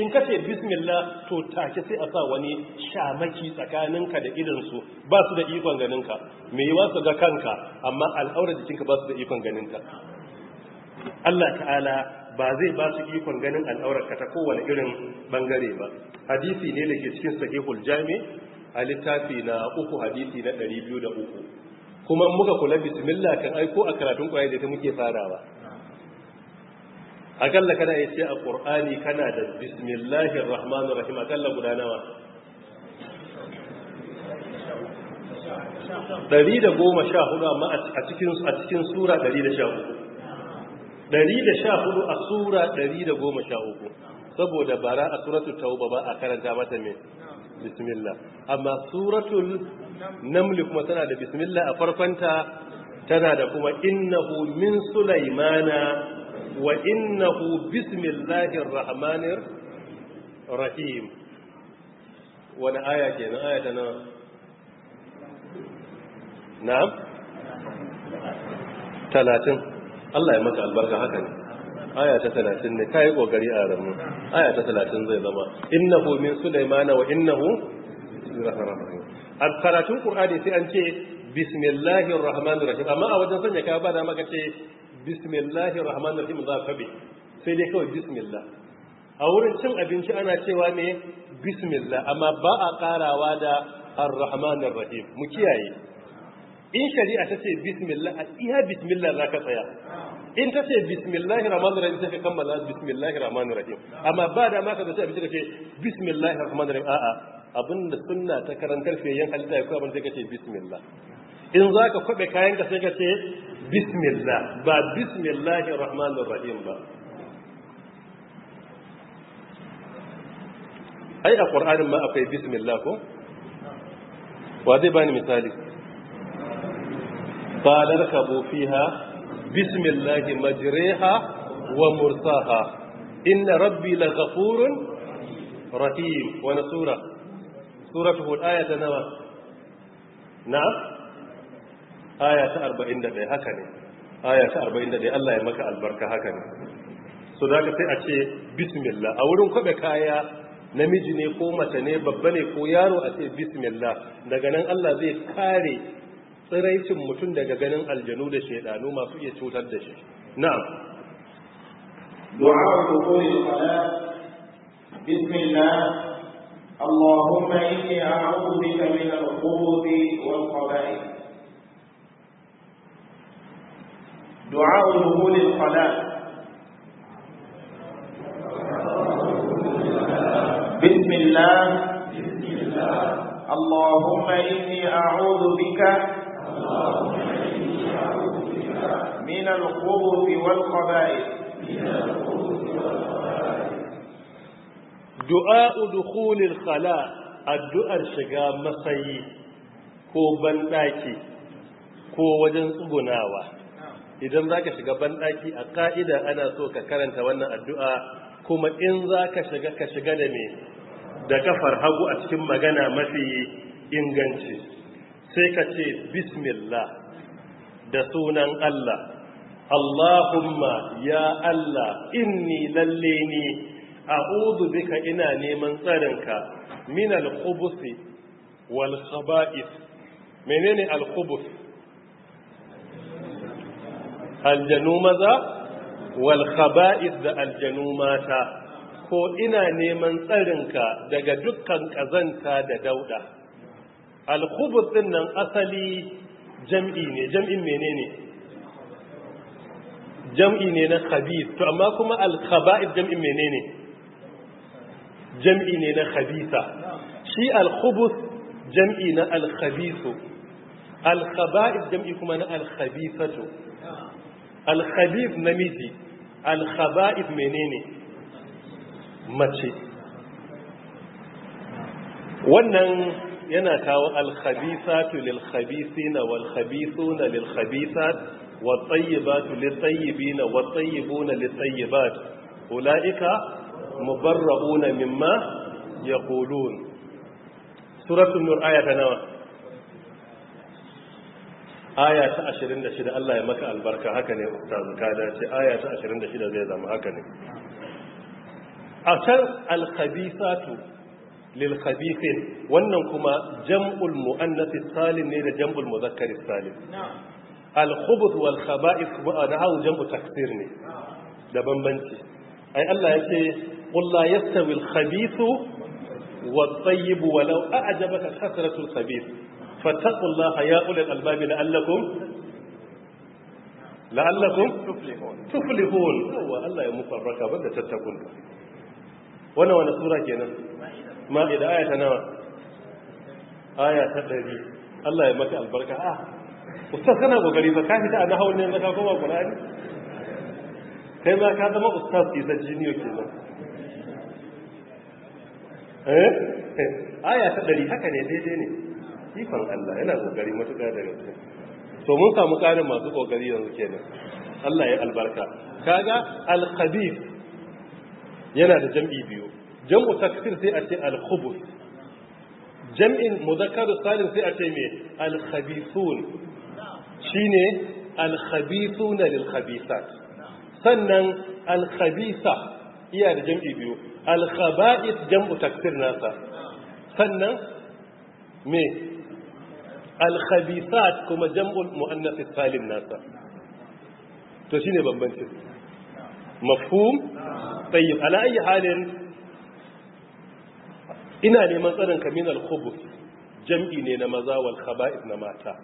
in ka ce bismillah to take sai a sa wani shamaki tsakaninka da idansu ba su da ikon ganinka me yi su ga kanka amma al'aurar jikinka ba su da ikon ganinka Allah ta'ala ba zai ba su ikon ganin al'aurarka ta kowane irin bangare ba hadisi ne da ke cikin sahihul jami a littafi na uku hadisi na 203 kuma muka kula bismillah kan aiko a karatun kwaye da ta muke farawa akalla kana yace a qur'ani kana da bismillahir rahmanir rahim akalla guda nawa 114 amma a cikin a cikin sura 114 114 a sura 113 saboda bara a suratul tauba ba a karanta mata me bismillah amma suratul naml kuma tana da bismillah a farkonta tana da kuma innahu min sulaimana wa innahu bismillahir rahmanir rahim wani aya ke nan aya ta nawa na'am talatin Allah ya maka albarka haka ne aya ta 30 ne yi ƙoƙari a ramu aya ta 30 zai zama innahu min sulaimana wa innahu a karatun qur'ani sai an ce bismillahir rahmanir rahim amma a wajen sanya ka ba da maka ce bismillahir rahmanir rahim za ka bi sai dai kawai bismillah a wurin cin abinci ana cewa ne bismillah amma ba a karawa da ar-rahmanir rahim mu kiyaye in shari'a ta ce bismillah a iya bismillah za ka tsaya in ta ce bismillah rahmanir rahim sai ka kammala bismillah rahmanir rahim amma ba da ma ka ce abin da kace bismillahir rahmanir rahim a'a abinda sunna ta karantar fiye yan halitta ya kuma sai ce bismillah in za ka kwabe kayan ka sai ka ce bismillah ba bismillah rahmanir rahim ba ai a qur'anin ma akwai bismillah ko wa zai bani misali balar kabo fiha bismillahi majriha wa mursaha inna rabbi la ghafurun rahim wani sura suratu hud aya ta nawa na aya ta 41 haka ne aya ta 41 Allah ya maka albarka haka ne so da sai a ce bismillah a wurin kwabe kaya namiji ne ko mace ne babba ne ko yaro a ce bismillah daga nan Allah zai kare tsiraicin mutum daga ganin aljanu da shedanu masu iya cutar da shi na'am du'a dukhul salat bismillah allahumma inni a'udhu bika min al-khubuthi wal khaba'ith du'a dukhul salat الله اللهم إني أعوذ بك من الخبث والخبائث دعاء دخول الخلاء addu'ar shiga masayi ko banɗaki ko wajen tsugunawa idan zaka shiga banɗaki a ƙa'ida ana so ka karanta wannan addu'a kuma in zaka ka shiga ka shiga da me da kafar hagu a cikin magana mafi inganci sai ka ce bismillah da sunan Allah Allahumma ya Allah inni lalle a a'udhu bika ina neman tsarinka min al-khubus wal khaba'ith menene al aljanu maza wal khaba'ith da aljanu mata ko ina neman tsarinka daga dukkan kazanta da dauda al din nan asali jam'i ne jam'in menene jam'i ne na khabith to amma kuma al-khaba'ith jam'in menene jam'i ne na khabitha shi al-khubuth jam'i na al-khabithu al-khaba'ith jam'i kuma na al-khabithatu al-khabith namiji al-khaba'ith menene mace wannan yana kawo al-khabithatu lil-khabithina wal-khabithuna lil-khabithat والطيبات للطيبين والطيبون للطيبات أولئك مبرؤون مما يقولون سورة النور آية نوى آية 26 الله يمك البركة هكذا أستاذ كادا آية 26 زي زم هكذا أشر الخبيثات للخبيثين wannan kuma jam'ul mu'annati salim ne da jam'ul muzakkari salim al-khubuth wal khaba'ith da hawo jam'u taksir ne da bambanci ai Allah yake qul la yastawi al-khabith wat-tayyib walau a'jabaka kathratu al-khabith fattaqullaha ya ulil albab la'allakum la'allakum tuflihun tuflihun wa Allah ya mufarraka banda tattakun wannan wani sura kenan ma'ida ayata nawa aya ta 100 Allah ya maka albarka ah ustaz kana kokari ba ka fita a na hawan ne zaka koma qur'ani kai ma ka zama ustaz jini jiniyo ba eh aya ta dari haka ne daidai ne sifan Allah yana kokari matuƙa da gaske to mun samu ƙarin masu kokari yanzu kenan Allah ya albarka kaga al-khabith yana da jam'i biyu jam'u takfir sai a ce al-khubuth jam'in mudhakkar salim sai a ce me al-khabithun shine al-khabithuna lil-khabithat sannan Alkhabisa iya da jam'i biyu al jam'u takfir nasa sannan me Alkhabisat kuma jam'ul muannath salim nasa to shine bambancin mafhum tayyib ala halin ina neman tsarin kamin al-khubuth jam'i ne na maza wal na mata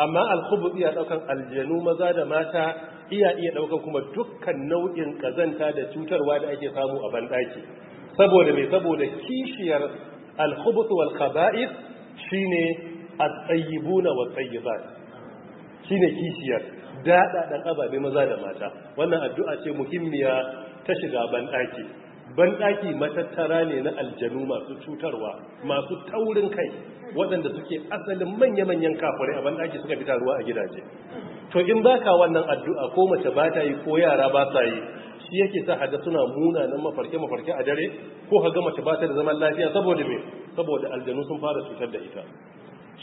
amma alkhubut iya daukan aljanu maza da mata iya iya daukan kuma dukkan nau'in kazanta da cutarwa da ake samu a bandaki saboda me saboda kishiyar alkhubut wal qaba'ith shine at-tayyibuna wat tayyibat shine kishiyar dada dan ababe maza da mata wannan addu'a ce muhimmiya ta shiga bandaki banɗaki matattara ne na aljanu masu cutarwa masu taurin kai waɗanda suke asalin manya-manyan kafirai a banɗaki suka fita ruwa a gidaje to in ba ka wannan addu'a ko mace ba ta yi ko yara ba sa yi shi yake sa hada suna munanan mafarke-mafarke a dare ko haga mace ba ta da zaman lafiya saboda me saboda aljanu sun fara cutar da ita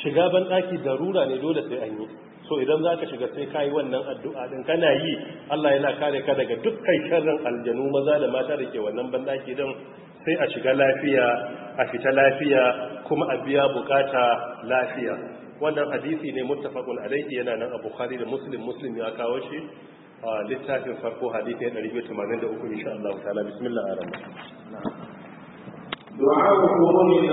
shiga banɗaki darura ne dole sai an yi so idan za ka shiga sai ka yi wannan addu'a ɗin kana yi Allah yana kare ka daga dukkan shirin aljanu maza da mata da ke wannan banɗaki don sai a shiga lafiya a fita lafiya kuma a biya bukata lafiya wannan hadisi ne muttafaqun alayhi yana nan a bukhari da muslim muslim ya kawo shi a littafin farko hadisi ya 183 insha Allah ta'ala bismillah ar Du'a min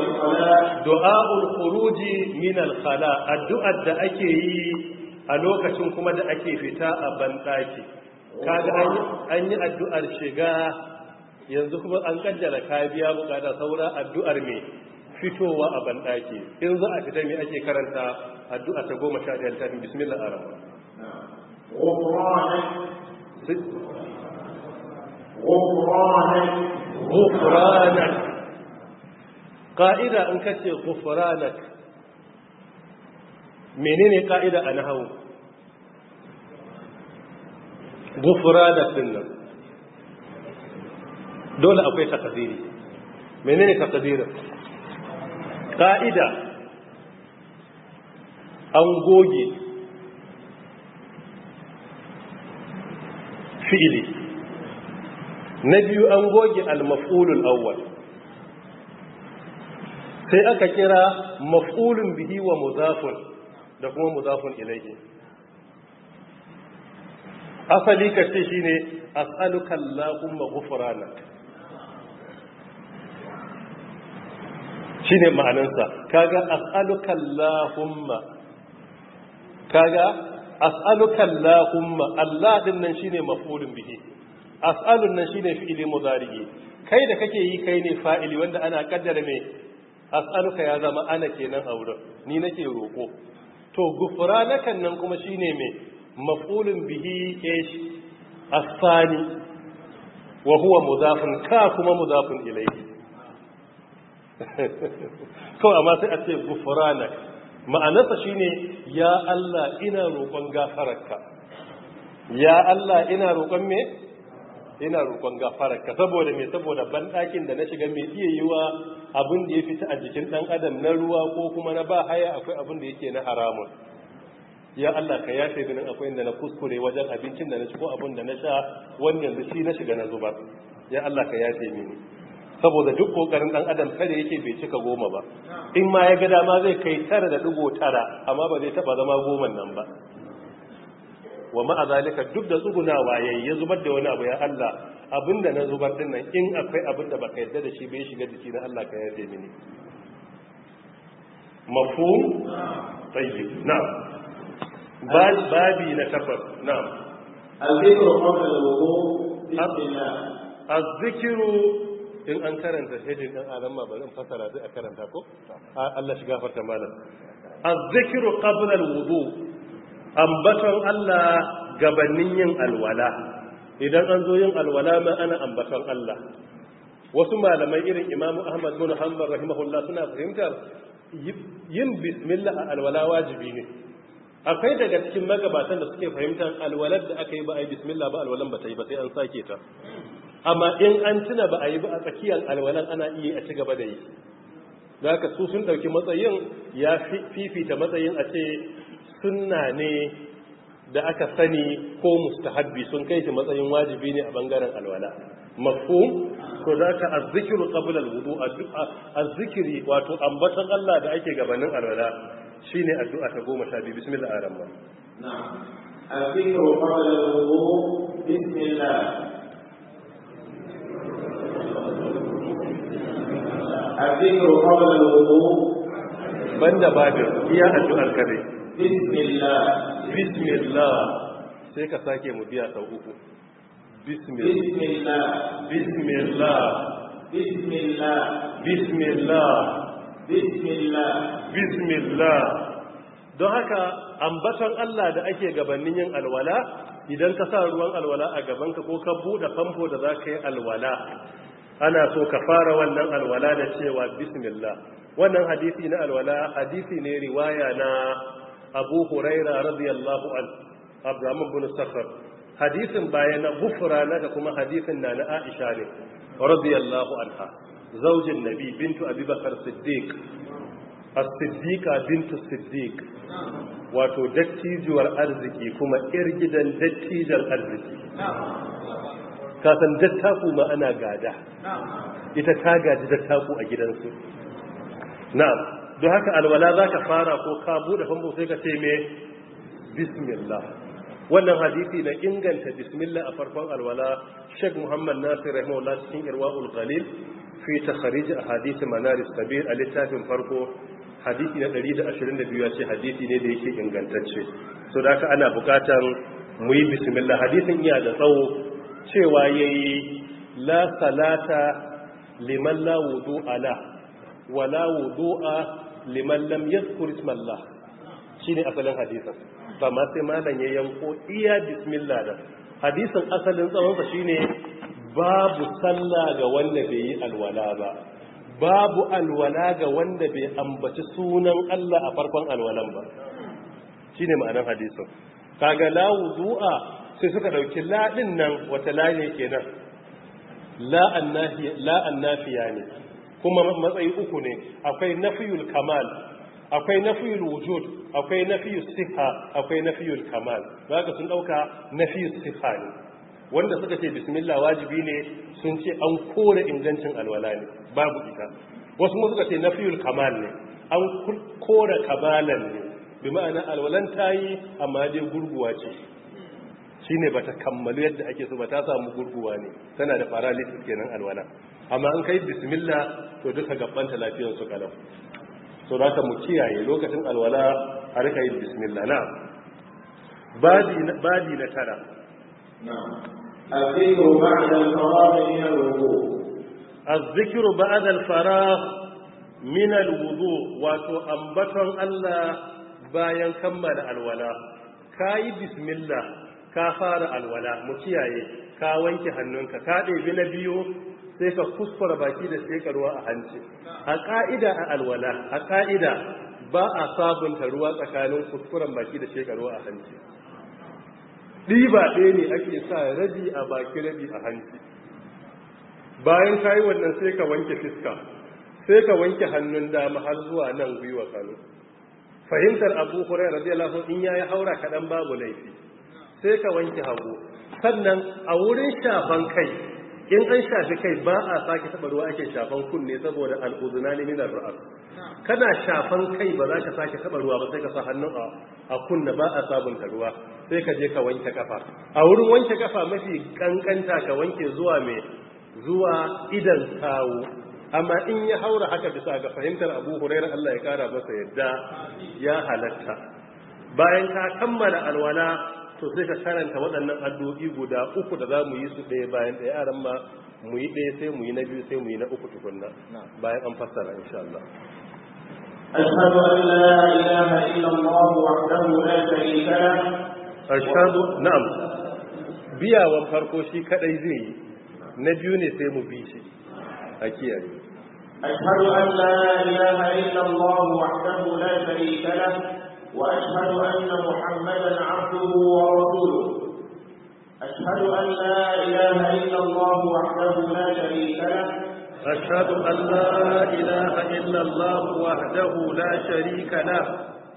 al addu'ar da ake yi a lokacin kuma da ake fita a banɗaki kada an yi addu'ar shiga yanzu kuma an kaddara ka biya bukata saura addu'ar mai fitowa a banɗaki in za a fita mai ake karanta addu'a ta goma sha ɗaya littafin bismillah a rama gufranak ƙa'ida in kace gufranak menene ka'ida a nahawu gufura da finnan dole akwai takadiri menene takadirin ka'ida an goge fi'ili na biyu an goge al awwal sai aka kira maf'ulun bihi wa mudafun da kuma mudafun ilaihi asali ka ce shine as'aluka allahumma ghufrana shine sa kaga as'aluka allahumma kaga as'aluka allahumma allah din nan shine maf'ulun bihi as'alun nan shine fi'ili mudari kai da kake yi kai ne fa'ili wanda ana kaddara ne as'aluka ya zama ana kenan a wurin ni nake roko to gufura kan nan kuma shi ne mai mafulun bihi a Sani, wa huwa muzafin ka kuma muzafin Ilaihi. kawo amma sai a ce gufura gufranak ma'anarsa ne ya Allah ina roƙon gafararka ya Allah ina roƙon me ina roƙon gafararka saboda me saboda banɗakin da na shiga mai iya yiwa abin da ya fita a jikin ɗan adam na ruwa ko kuma na ba haya akwai abin da yake na haramun ya Allah ka yafe akwai inda na kuskure wajen abincin da na ci ko abin da na sha wannan da shi na shiga na zuba. ya Allah ka yafe saboda duk kokarin ɗan adam kare yake bai cika goma ba in ma ya ga dama zai kai tara da digo tara amma ba zai taba zama goman nan ba wa ma'a zalika duk da tsugunawa yayi ya zubar da wani abu ya Allah abinda na zubar din nan in akwai abinda baka yarda da shi bai shiga jiki na Allah ka yarda mini mafhum tayyib na'am babi na kafar na'am al-dhikru qabla al-wudu' azzikiru in an karanta hadin dan adam ma ba zan fasara zai a karanta ko Allah shi gafarta malam azzikiru qabla wudu, ambaton Allah gabanin yin alwala idan an zo yin alwala ma ana ambaton Allah wasu malamai irin imamu Ahmad bin Hanbal rahimahullah suna fahimtar yin bismillah a alwala wajibi ne akwai daga cikin magabatan da suke fahimtar alwalar da aka yi ba a yi bismillah ba alwalan ba ta yi ba sai an sake ta amma in an tuna ba a yi ba a tsakiyar alwalan ana iya a ci gaba da yi da su sun ɗauki matsayin ya fifita matsayin a ce sunna ne da aka sani ko mustahabbi sun kai shi matsayin wajibi ne a bangaren alwala mafhum ko zaka azzikiru qabla alwudu azzikiri wato ambatan Allah da ake gabanin alwala shine addu'a ta 12 bismillah rahman na'am azzikru qabla alwudu bismillah azzikru qabla alwudu banda babin iya addu'ar kadai bismillah bismillah sai ka sake mu biya sau uku bismillah bismillah don haka ambaton Allah da ake gabanin yin alwala idan ka sa ruwan alwala a gabanka ko ka buɗe famfo da za ka yi alwala ana so ka fara wannan alwala da cewa bismillah wannan hadisi na alwala hadisi ne riwaya na abu huraira radiyallahu an abraham bin safar hadisin baya na gufura na da kuma hadisin na na aisha ne radiyallahu anha zaujin nabi bintu abubakar siddiq as-siddiqa bintu siddiq wato dattijuwar arziki kuma yar gidan dattijar arziki kasan dattaku ma ana gada ita ta gaji dattaku a gidansu na'am don haka alwala za ka fara ko ka buɗe famfo sai ka ce me bismillah wannan hadisi na inganta bismillah a farkon alwala sheikh muhammad nasir rahimahullah cikin irwaul ghalil fi a ahadith manaris kabir a littafin farko hadisi na 122 ya ce hadisi ne da yake ingantacce so da haka ana bukatar mu yi bismillah hadisin iya da tsawo cewa yayi la salata liman la wudu ala wala wudu'a liman lam yadhkur ismallah shine asalin hadisin ba ma sai malam ya yanko iya bismillah da hadisin asalin tsawon sa shine babu sallah ga wanda bai yi alwala ba babu alwala ga wanda bai ambaci sunan Allah a farkon alwalan ba shine ma'anar hadisin kaga la wudu'a sai suka dauki la din nan wata la ne kenan la annafiya la annafiya ne kuma matsayi uku ne akwai nafiyul kamal akwai nafiyul wujud akwai nafiyus siha akwai nafiyul kamal zaka sun dauka nafiyus siha ne wanda suka ce bismillah wajibi ne sun ce an kore ingancin alwala ne babu ita wasu mu suka ce nafiyul kamal ne an kore kamalan ne bi ma'ana alwalan tayi amma dai gurguwa ce shine bata kammalu yadda ake so ba ta samu gurguwa ne tana da paralysis kenan alwala amma an kai bismillah to duka gabanta lafiyar su kalau so ka mu kiyaye lokacin alwala a rika yin bismillah na badi na tara الذكر بعد الذكر بعد الفراغ من الوضوء واتو أنبتن الله bayan kammala alwala kayi bismillah ka fara alwala mu kiyaye ka wanke hannunka ka ɗebi na biyu sai ka kuskura baki da sai ruwa a hanci a ka'ida a alwala a ka'ida ba a sabunta ruwa tsakanin kuskuren baki da sai ruwa a hanci ɗiba ɗaya ne ake sa rabi a baki rabi a hanci bayan ka yi wannan sai ka wanke fiska sai ka wanke hannun dama har zuwa nan gwiwa Kano. fahimtar abu hurairah radiyallahu in yayi haura kaɗan babu laifi sai ka wanke hagu sannan a wurin shafan kai in an shafi kai ba a sake taɓa ruwa ake shafan kunne saboda al'uduna ne minar ra'ar kana shafan kai ba za ka sake taɓa ruwa ba sai ka sa hannun a kunna ba a sabunta ruwa sai ka je ka wanke kafa a wurin wanke kafa mafi kankanta ka wanke zuwa mai zuwa idan sawu amma in ya haura haka bisa ga fahimtar abu hurairar Allah ya kara masa yadda ya halatta bayan ka kammala alwala to sai ka karanta waɗannan addu'o'i guda uku da za mu yi su ɗaya bayan ɗaya aran ma mu yi ɗaya sai mu yi na biyu sai mu yi na uku tukunna bayan an fassara insha Allah أشهد أن لا إله إلا الله وحده لا شريك له أشهد نعم biya wan farko shi kadai zai yi na biyu ne sai mu bi shi a kiyaye أشهد أن لا إله إلا الله وحده لا شريك له وأشهد أن محمدا عبده ورسوله أشهد أن لا إله إلا الله وحده لا شريك له أشهد أن لا إله إلا الله وحده لا شريك له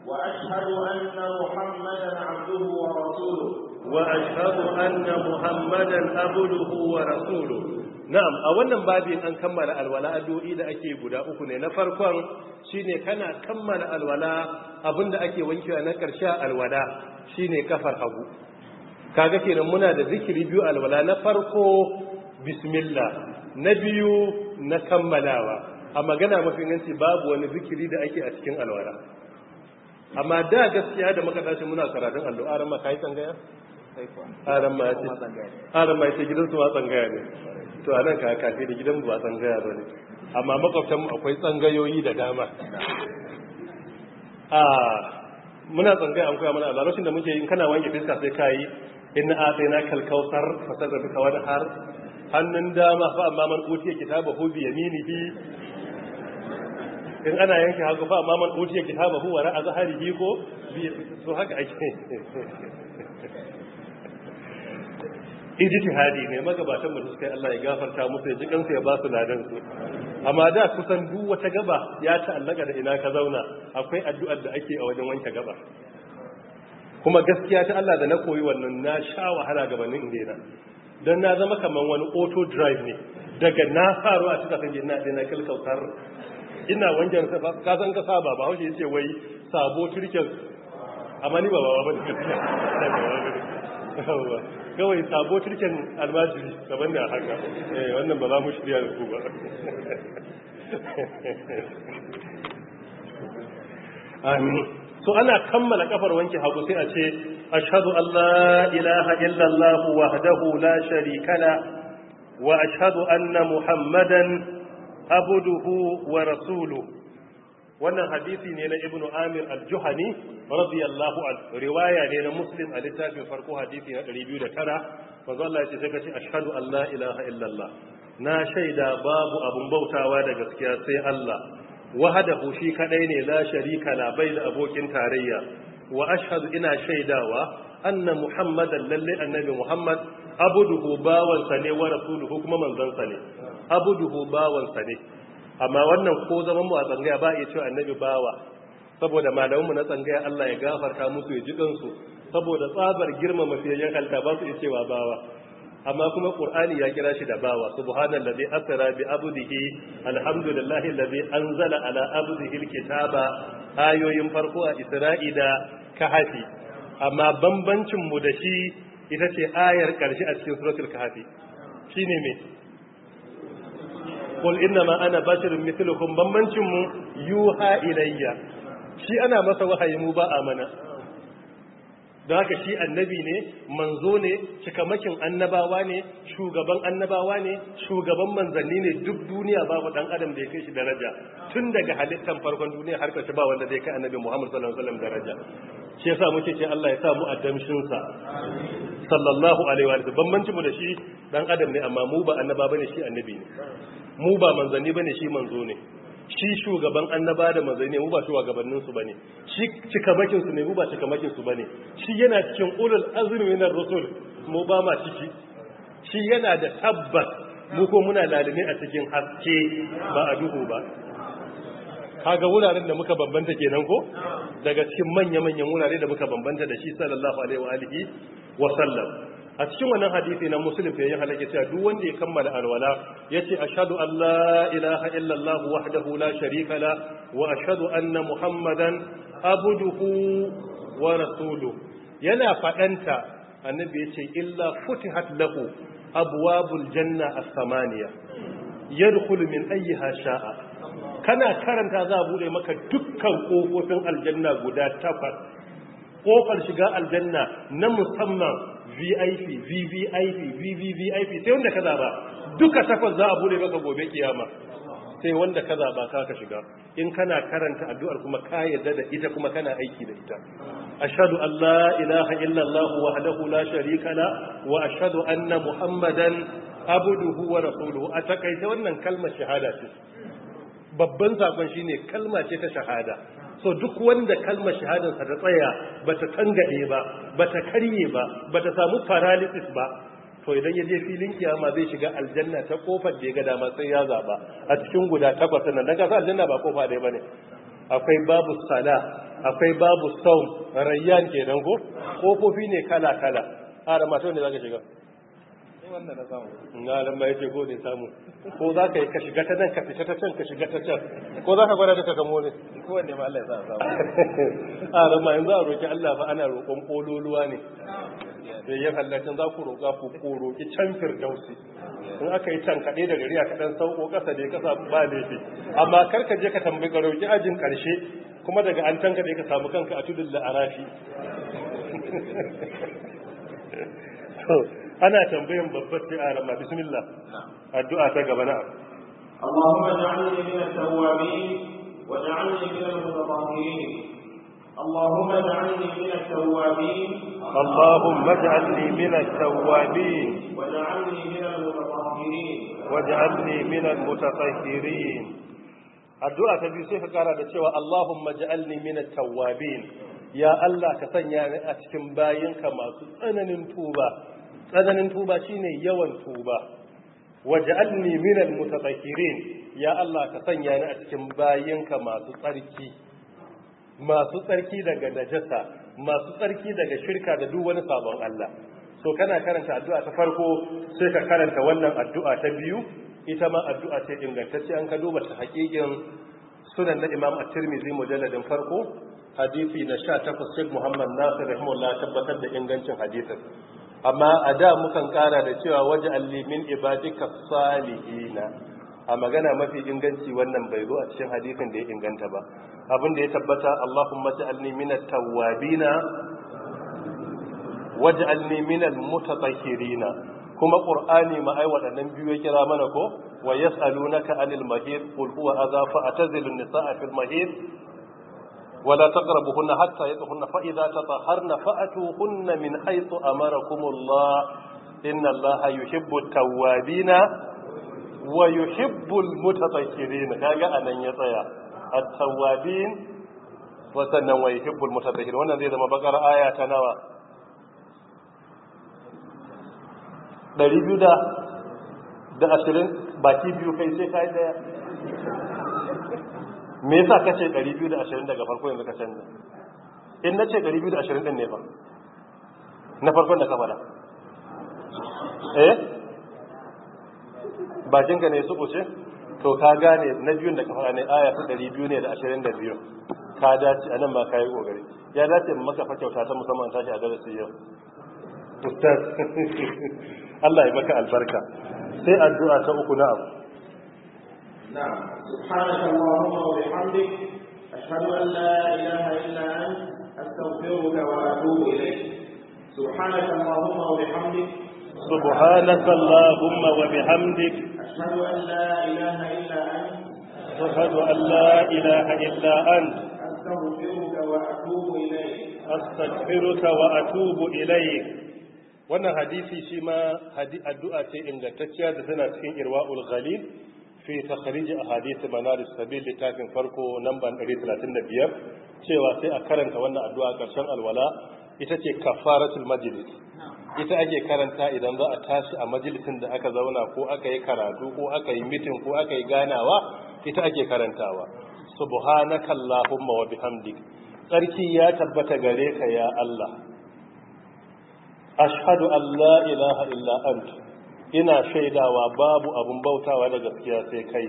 وأشهد أن محمدا عبده ورسوله وأشهد أن محمدا عبده ورسوله na'am a wannan babin an kammala alwala addu'o'i da ake guda uku ne na farkon shine kana kammala alwala abinda ake wankewa na karshe alwala shine kafar hagu kaga kenan muna da zikiri biyu alwala na farko bismillah na biyu na kammalawa a magana mafi nanci babu wani zikiri da ake a cikin alwala amma da gaskiya da muka tashi muna karatun ran ma kai tsangaya aran ma ya ce gidansu ma tsangaya ne to a nan kakafi da gidan ba tsangaya ba ne amma makwabtanmu akwai tsangayoyi da dama a muna tsangaya an koya mana a da muke yin kana wanke fiska sai ka yi in a sai na kalkausar fasar da duka wani har hannun dama fa amma man utiya kitaba hu bi yaminihi in ana yanke hagu fa amma man utiya kitaba hu wara azharihi ko bi to haka ake ijtihadi ne magabatan mu suka yi Allah ya gafarta musu ya ji kansu ya ba su ladan su amma da kusan duk wata gaba ya ta'allaka da ina ka zauna akwai addu'ar da ake a wajen wanke gaba kuma gaskiya ta Allah da na koyi wannan na sha wahala gabanin indena don na zama kaman wani auto drive ne daga na faru a cikin gina na kalkautar ina wangen ka san ka saba ba haushe yace wai sabo turken amma ni ba ba ba ne kawai sabo turken almajiri daban da haka wannan ba za mu shirya da ku ba amin so ana kammala kafar wanke hagu sai a ce ashhadu an la ilaha illallah wahdahu la sharika la wa ashhadu anna muhammadan abduhu wa rasuluhu wannan hadisi ne na ibnu amir al-juhani radiyallahu an riwaya ne na muslim a littafin farko hadisi na 209 manzo Allah ya ce sai ka ce ashhadu an la ilaha illallah na shaida babu abun bautawa da gaskiya sai Allah wahdahu shi kadai ne la sharika la bai da abokin tarayya wa ashhadu ina shaidawa anna muhammadan lalle annabi muhammad abuduhu bawansa ne wa rasuluhu kuma manzansa ne abuduhu bawansa ne amma wannan ko zaman mu a tsangaya ba iya cewa annabi bawa saboda malamanmu na tsangaya Allah ya gafarta musu ya ji kansu saboda tsabar girmama fiyayyen halta ba su iya cewa bawa amma kuma qur'ani ya kira shi da bawa subhanallazi asra bi abdihi alhamdulillahi allazi anzala ala abdihi alkitaba ayoyin farko a isra'i da kahfi amma bambancin mu da shi ita ce ayar karshe a cikin suratul kahfi shine me qul innama ana basharun mithlukum bambancin mu yuha ilayya shi ana masa wahayi mu ba amana da haka shi annabi ne manzo ne cikamakin annabawa ne shugaban annabawa ne shugaban manzanni ne duk duniya babu dan adam da ya kai shi daraja tun daga halittan farkon duniya har karshe ba wanda zai kai annabi Muhammad sallallahu alaihi wasallam daraja shi yasa muke ce Allah ya sa mu addamshin sa sallallahu alaihi wa sallam bambanci mu da shi dan adam ne amma mu ba annaba bane shi annabi ne mu ba manzanni bane shi manzo ne shi shugaban annaba da manzanni ne mu ba shugabannin su bane shi cikamakin su ne mu ba cikamakin su bane shi yana cikin ulul azmi minar rusul mu ba ma ciki shi yana da tabbas mu ko muna lalime a cikin haske ba a duhu ba kaga wuraren da muka bambanta kenan ko daga cikin manya-manyan wurare da muka bambanta da shi sallallahu alaihi wa alihi Wasallam a cikin wannan hadisi na muslim da ya halake cewa duk wanda ya kammala alwala yace ashhadu an la ilaha illallah wahdahu la sharika la wa ashhadu anna muhammadan abduhu wa rasulu yana fadanta annabi yace illa futihat lahu abwabul janna as-samaniya yadkhulu min ayyiha sha'a kana karanta za a bude maka dukkan kofofin aljanna guda takwas kofar shiga aljanna na musamman VIP VVIP VVVIP sai wanda ka zaba duka takwas za a bude maka gobe kiyama sai wanda ka zaba ka ka shiga in kana karanta addu'ar kuma ka yadda da ita kuma kana aiki da ita ashhadu an la ilaha illa allah wahdahu la sharika la wa ashhadu anna muhammadan abduhu wa rasuluhu a takaice wannan kalmar shahada ce babban sakon shine kalma ce ta shahada so duk wanda kalmar shahadarsa ta tsaya ba ta tangade ba ba ta karye ba ba ta samu paralysis ba to idan ya je filin kiyama zai shiga aljanna ta kofar da ya ga dama sai ya zaba a cikin guda takwas nan daga aljanna ba kofa ɗaya bane akwai babu sala akwai babu saum rayyan kenan ko kofofi ne kala kala a da mata wanda zaka shiga wanda na samu ngalan ma yace ko ne samu ko za ka yi ka shiga ta nan ka fita ta can ka shiga ta can ko za ka gwada duka ka ne ko wanne ma Allah ya sa samu a ran ma yanzu a roki Allah fa ana roƙon kololuwa ne da ya halatin za ku roƙa ku ko roƙi can firdausi in aka yi can kaɗe da gari a kaɗan sauko ƙasa da ƙasa ba laifi amma kar ka je ka tambayi ka roƙi ajin ƙarshe kuma daga an can kaɗe ka samu kanka a tudun la'arafi ana tambayan babbar sai a rama bismillah addu'a ta gaba na اللهم اجعلني من التوابين واجعلني من المتطهرين اللهم اجعلني من التوابين اللهم اجعلني من التوابين واجعلني من المتطهرين واجعلني من المتطهرين addu'a ta biyu sai ka kara da cewa Allahumma ja'alni min at-tawwabin ya Allah ka sanya ni a cikin bayinka masu tsananin tuba tsananin tuba shine yawan tuba waj'alni minal mutatahhirin ya Allah ka sanya ni a cikin bayinka masu tsarki masu tsarki daga najasa masu tsarki daga shirka da duk wani sabon Allah so kana karanta addu'a ta farko sai ka karanta wannan addu'a ta biyu ita ma addu'a ce ingantacce an ka duba ta hakikin sunan na Imam At-Tirmidhi mujalladin farko hadisi na 18 Sheikh Muhammad Nasir rahimahullah tabbatar da ingancin hadisin amma a da mukan kara da cewa waje allimin ibadika salihina a magana mafi inganci wannan bai zo a cikin hadisin da ya inganta ba abin da ya tabbata Allahumma ja'alni minat tawwabina waj'alni minal mutatahhirina kuma qur'ani ma ai wadannan biyu ya kira mana ko wa yas'alunaka anil mahid qul huwa adha fa atazilun nisaa fil mahid ولا تقربهن حتى يدخلن فإذا تطهرن فأتوهن من حيث أمركم الله إن الله يحب التوابين ويحب المتطهرين كاجا أن يطيع التوابين وسنن ويحب المتطهرين وانا زي ما بقرا آية تنوى 200 da 20 baki biyu kai sai kai daya me yasa kace 220 daga farko yanzu ka canza in na ce 220 din ne ba na farkon da ka bada eh bakinka ne su kuce to ka gane na biyun da ka fara ne aya ta 222 ka dace anan ma kai kokari ya dace maka fa kyauta ta musamman tashi a darasi yau ustaz Allah ya baka albarka sai addu'a ta uku na abu نعم سبحانك اللهم وبحمدك أشهد أن لا إله إلا أنت أستغفرك وأتوب إليك سبحانك اللهم وبحمدك سبحانك اللهم وبحمدك أشهد أن لا إله إلا أنت أشهد أن لا إله إلا أنت أستغفرك وأتوب إليك أستغفرك وأتوب إليك wannan hadisi shi ma addu'a ce ingantacciya da tana cikin irwa'ul fi takhrij ahadith manar sabil littafin farko da 135 cewa sai a karanta wannan addu'a karshen alwala ita ce kafaratul majlis ita ake karanta idan za a tashi a majalisin da aka zauna ko aka yi karatu ko aka yi mitin ko aka yi ganawa ita ake karantawa subhanaka allahumma wa bihamdik tsarki ya tabbata gare ka ya Allah ashhadu an la ilaha illa anta ina shaidawa babu abun bautawa da gaskiya sai kai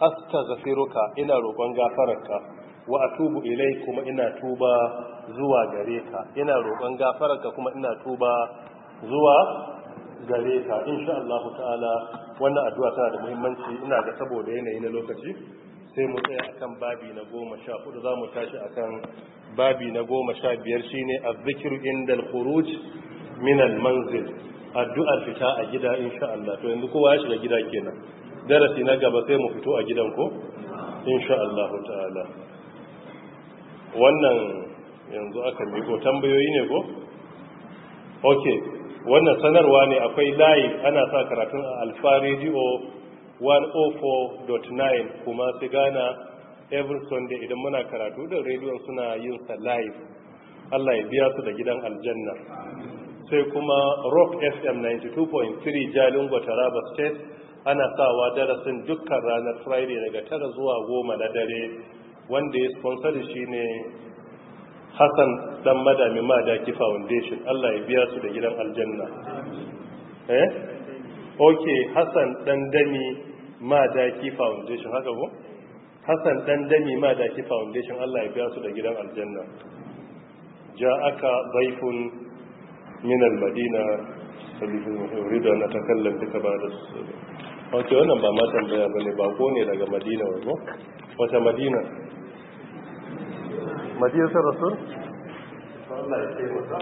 astaghfiruka ina roƙon gafararka wa atubu ilai kuma ina tuba zuwa gare ka ina roƙon gafararka kuma ina tuba zuwa gare ka insha Allah ta'ala wannan addu'a tana da muhimmanci ina ga saboda yanayi na lokaci sai mu tsaya akan babi na goma sha tashi akan babi na goma sha biyar shine azzikiru inda khuruj min al-manzil addu'ar fita a gida insha Allah to yanzu kowa ya shiga gida kenan darasi na gaba sai mu fito a gidan ko insha Allah ta'ala wannan yanzu aka miko tambayoyi ne ko ok wannan sanarwa ne akwai layi. ana sa karatun a Alfa 104.9 kuma su gana every sunday idan muna karatu da rediyon suna yin sa live Allah ya biya su da gidan aljanna sai kuma rock fm 92.3 jalingo taraba state ana sawa darasin dukkan ranar friday daga tara zuwa goma na dare wanda ya sponsor shi ne hassan dan madami madaki foundation allah ya biya su da gidan aljanna eh ok hassan dan dami madaki foundation haka ko hassan dan dami madaki foundation allah ya biya su da gidan aljanna ja aka baifun min al-madina ta an atakallam bika ba'da wace wannan ba ma tambaya bane ba ko ne daga madina wato wata madina madina rasul Allah ya taimaka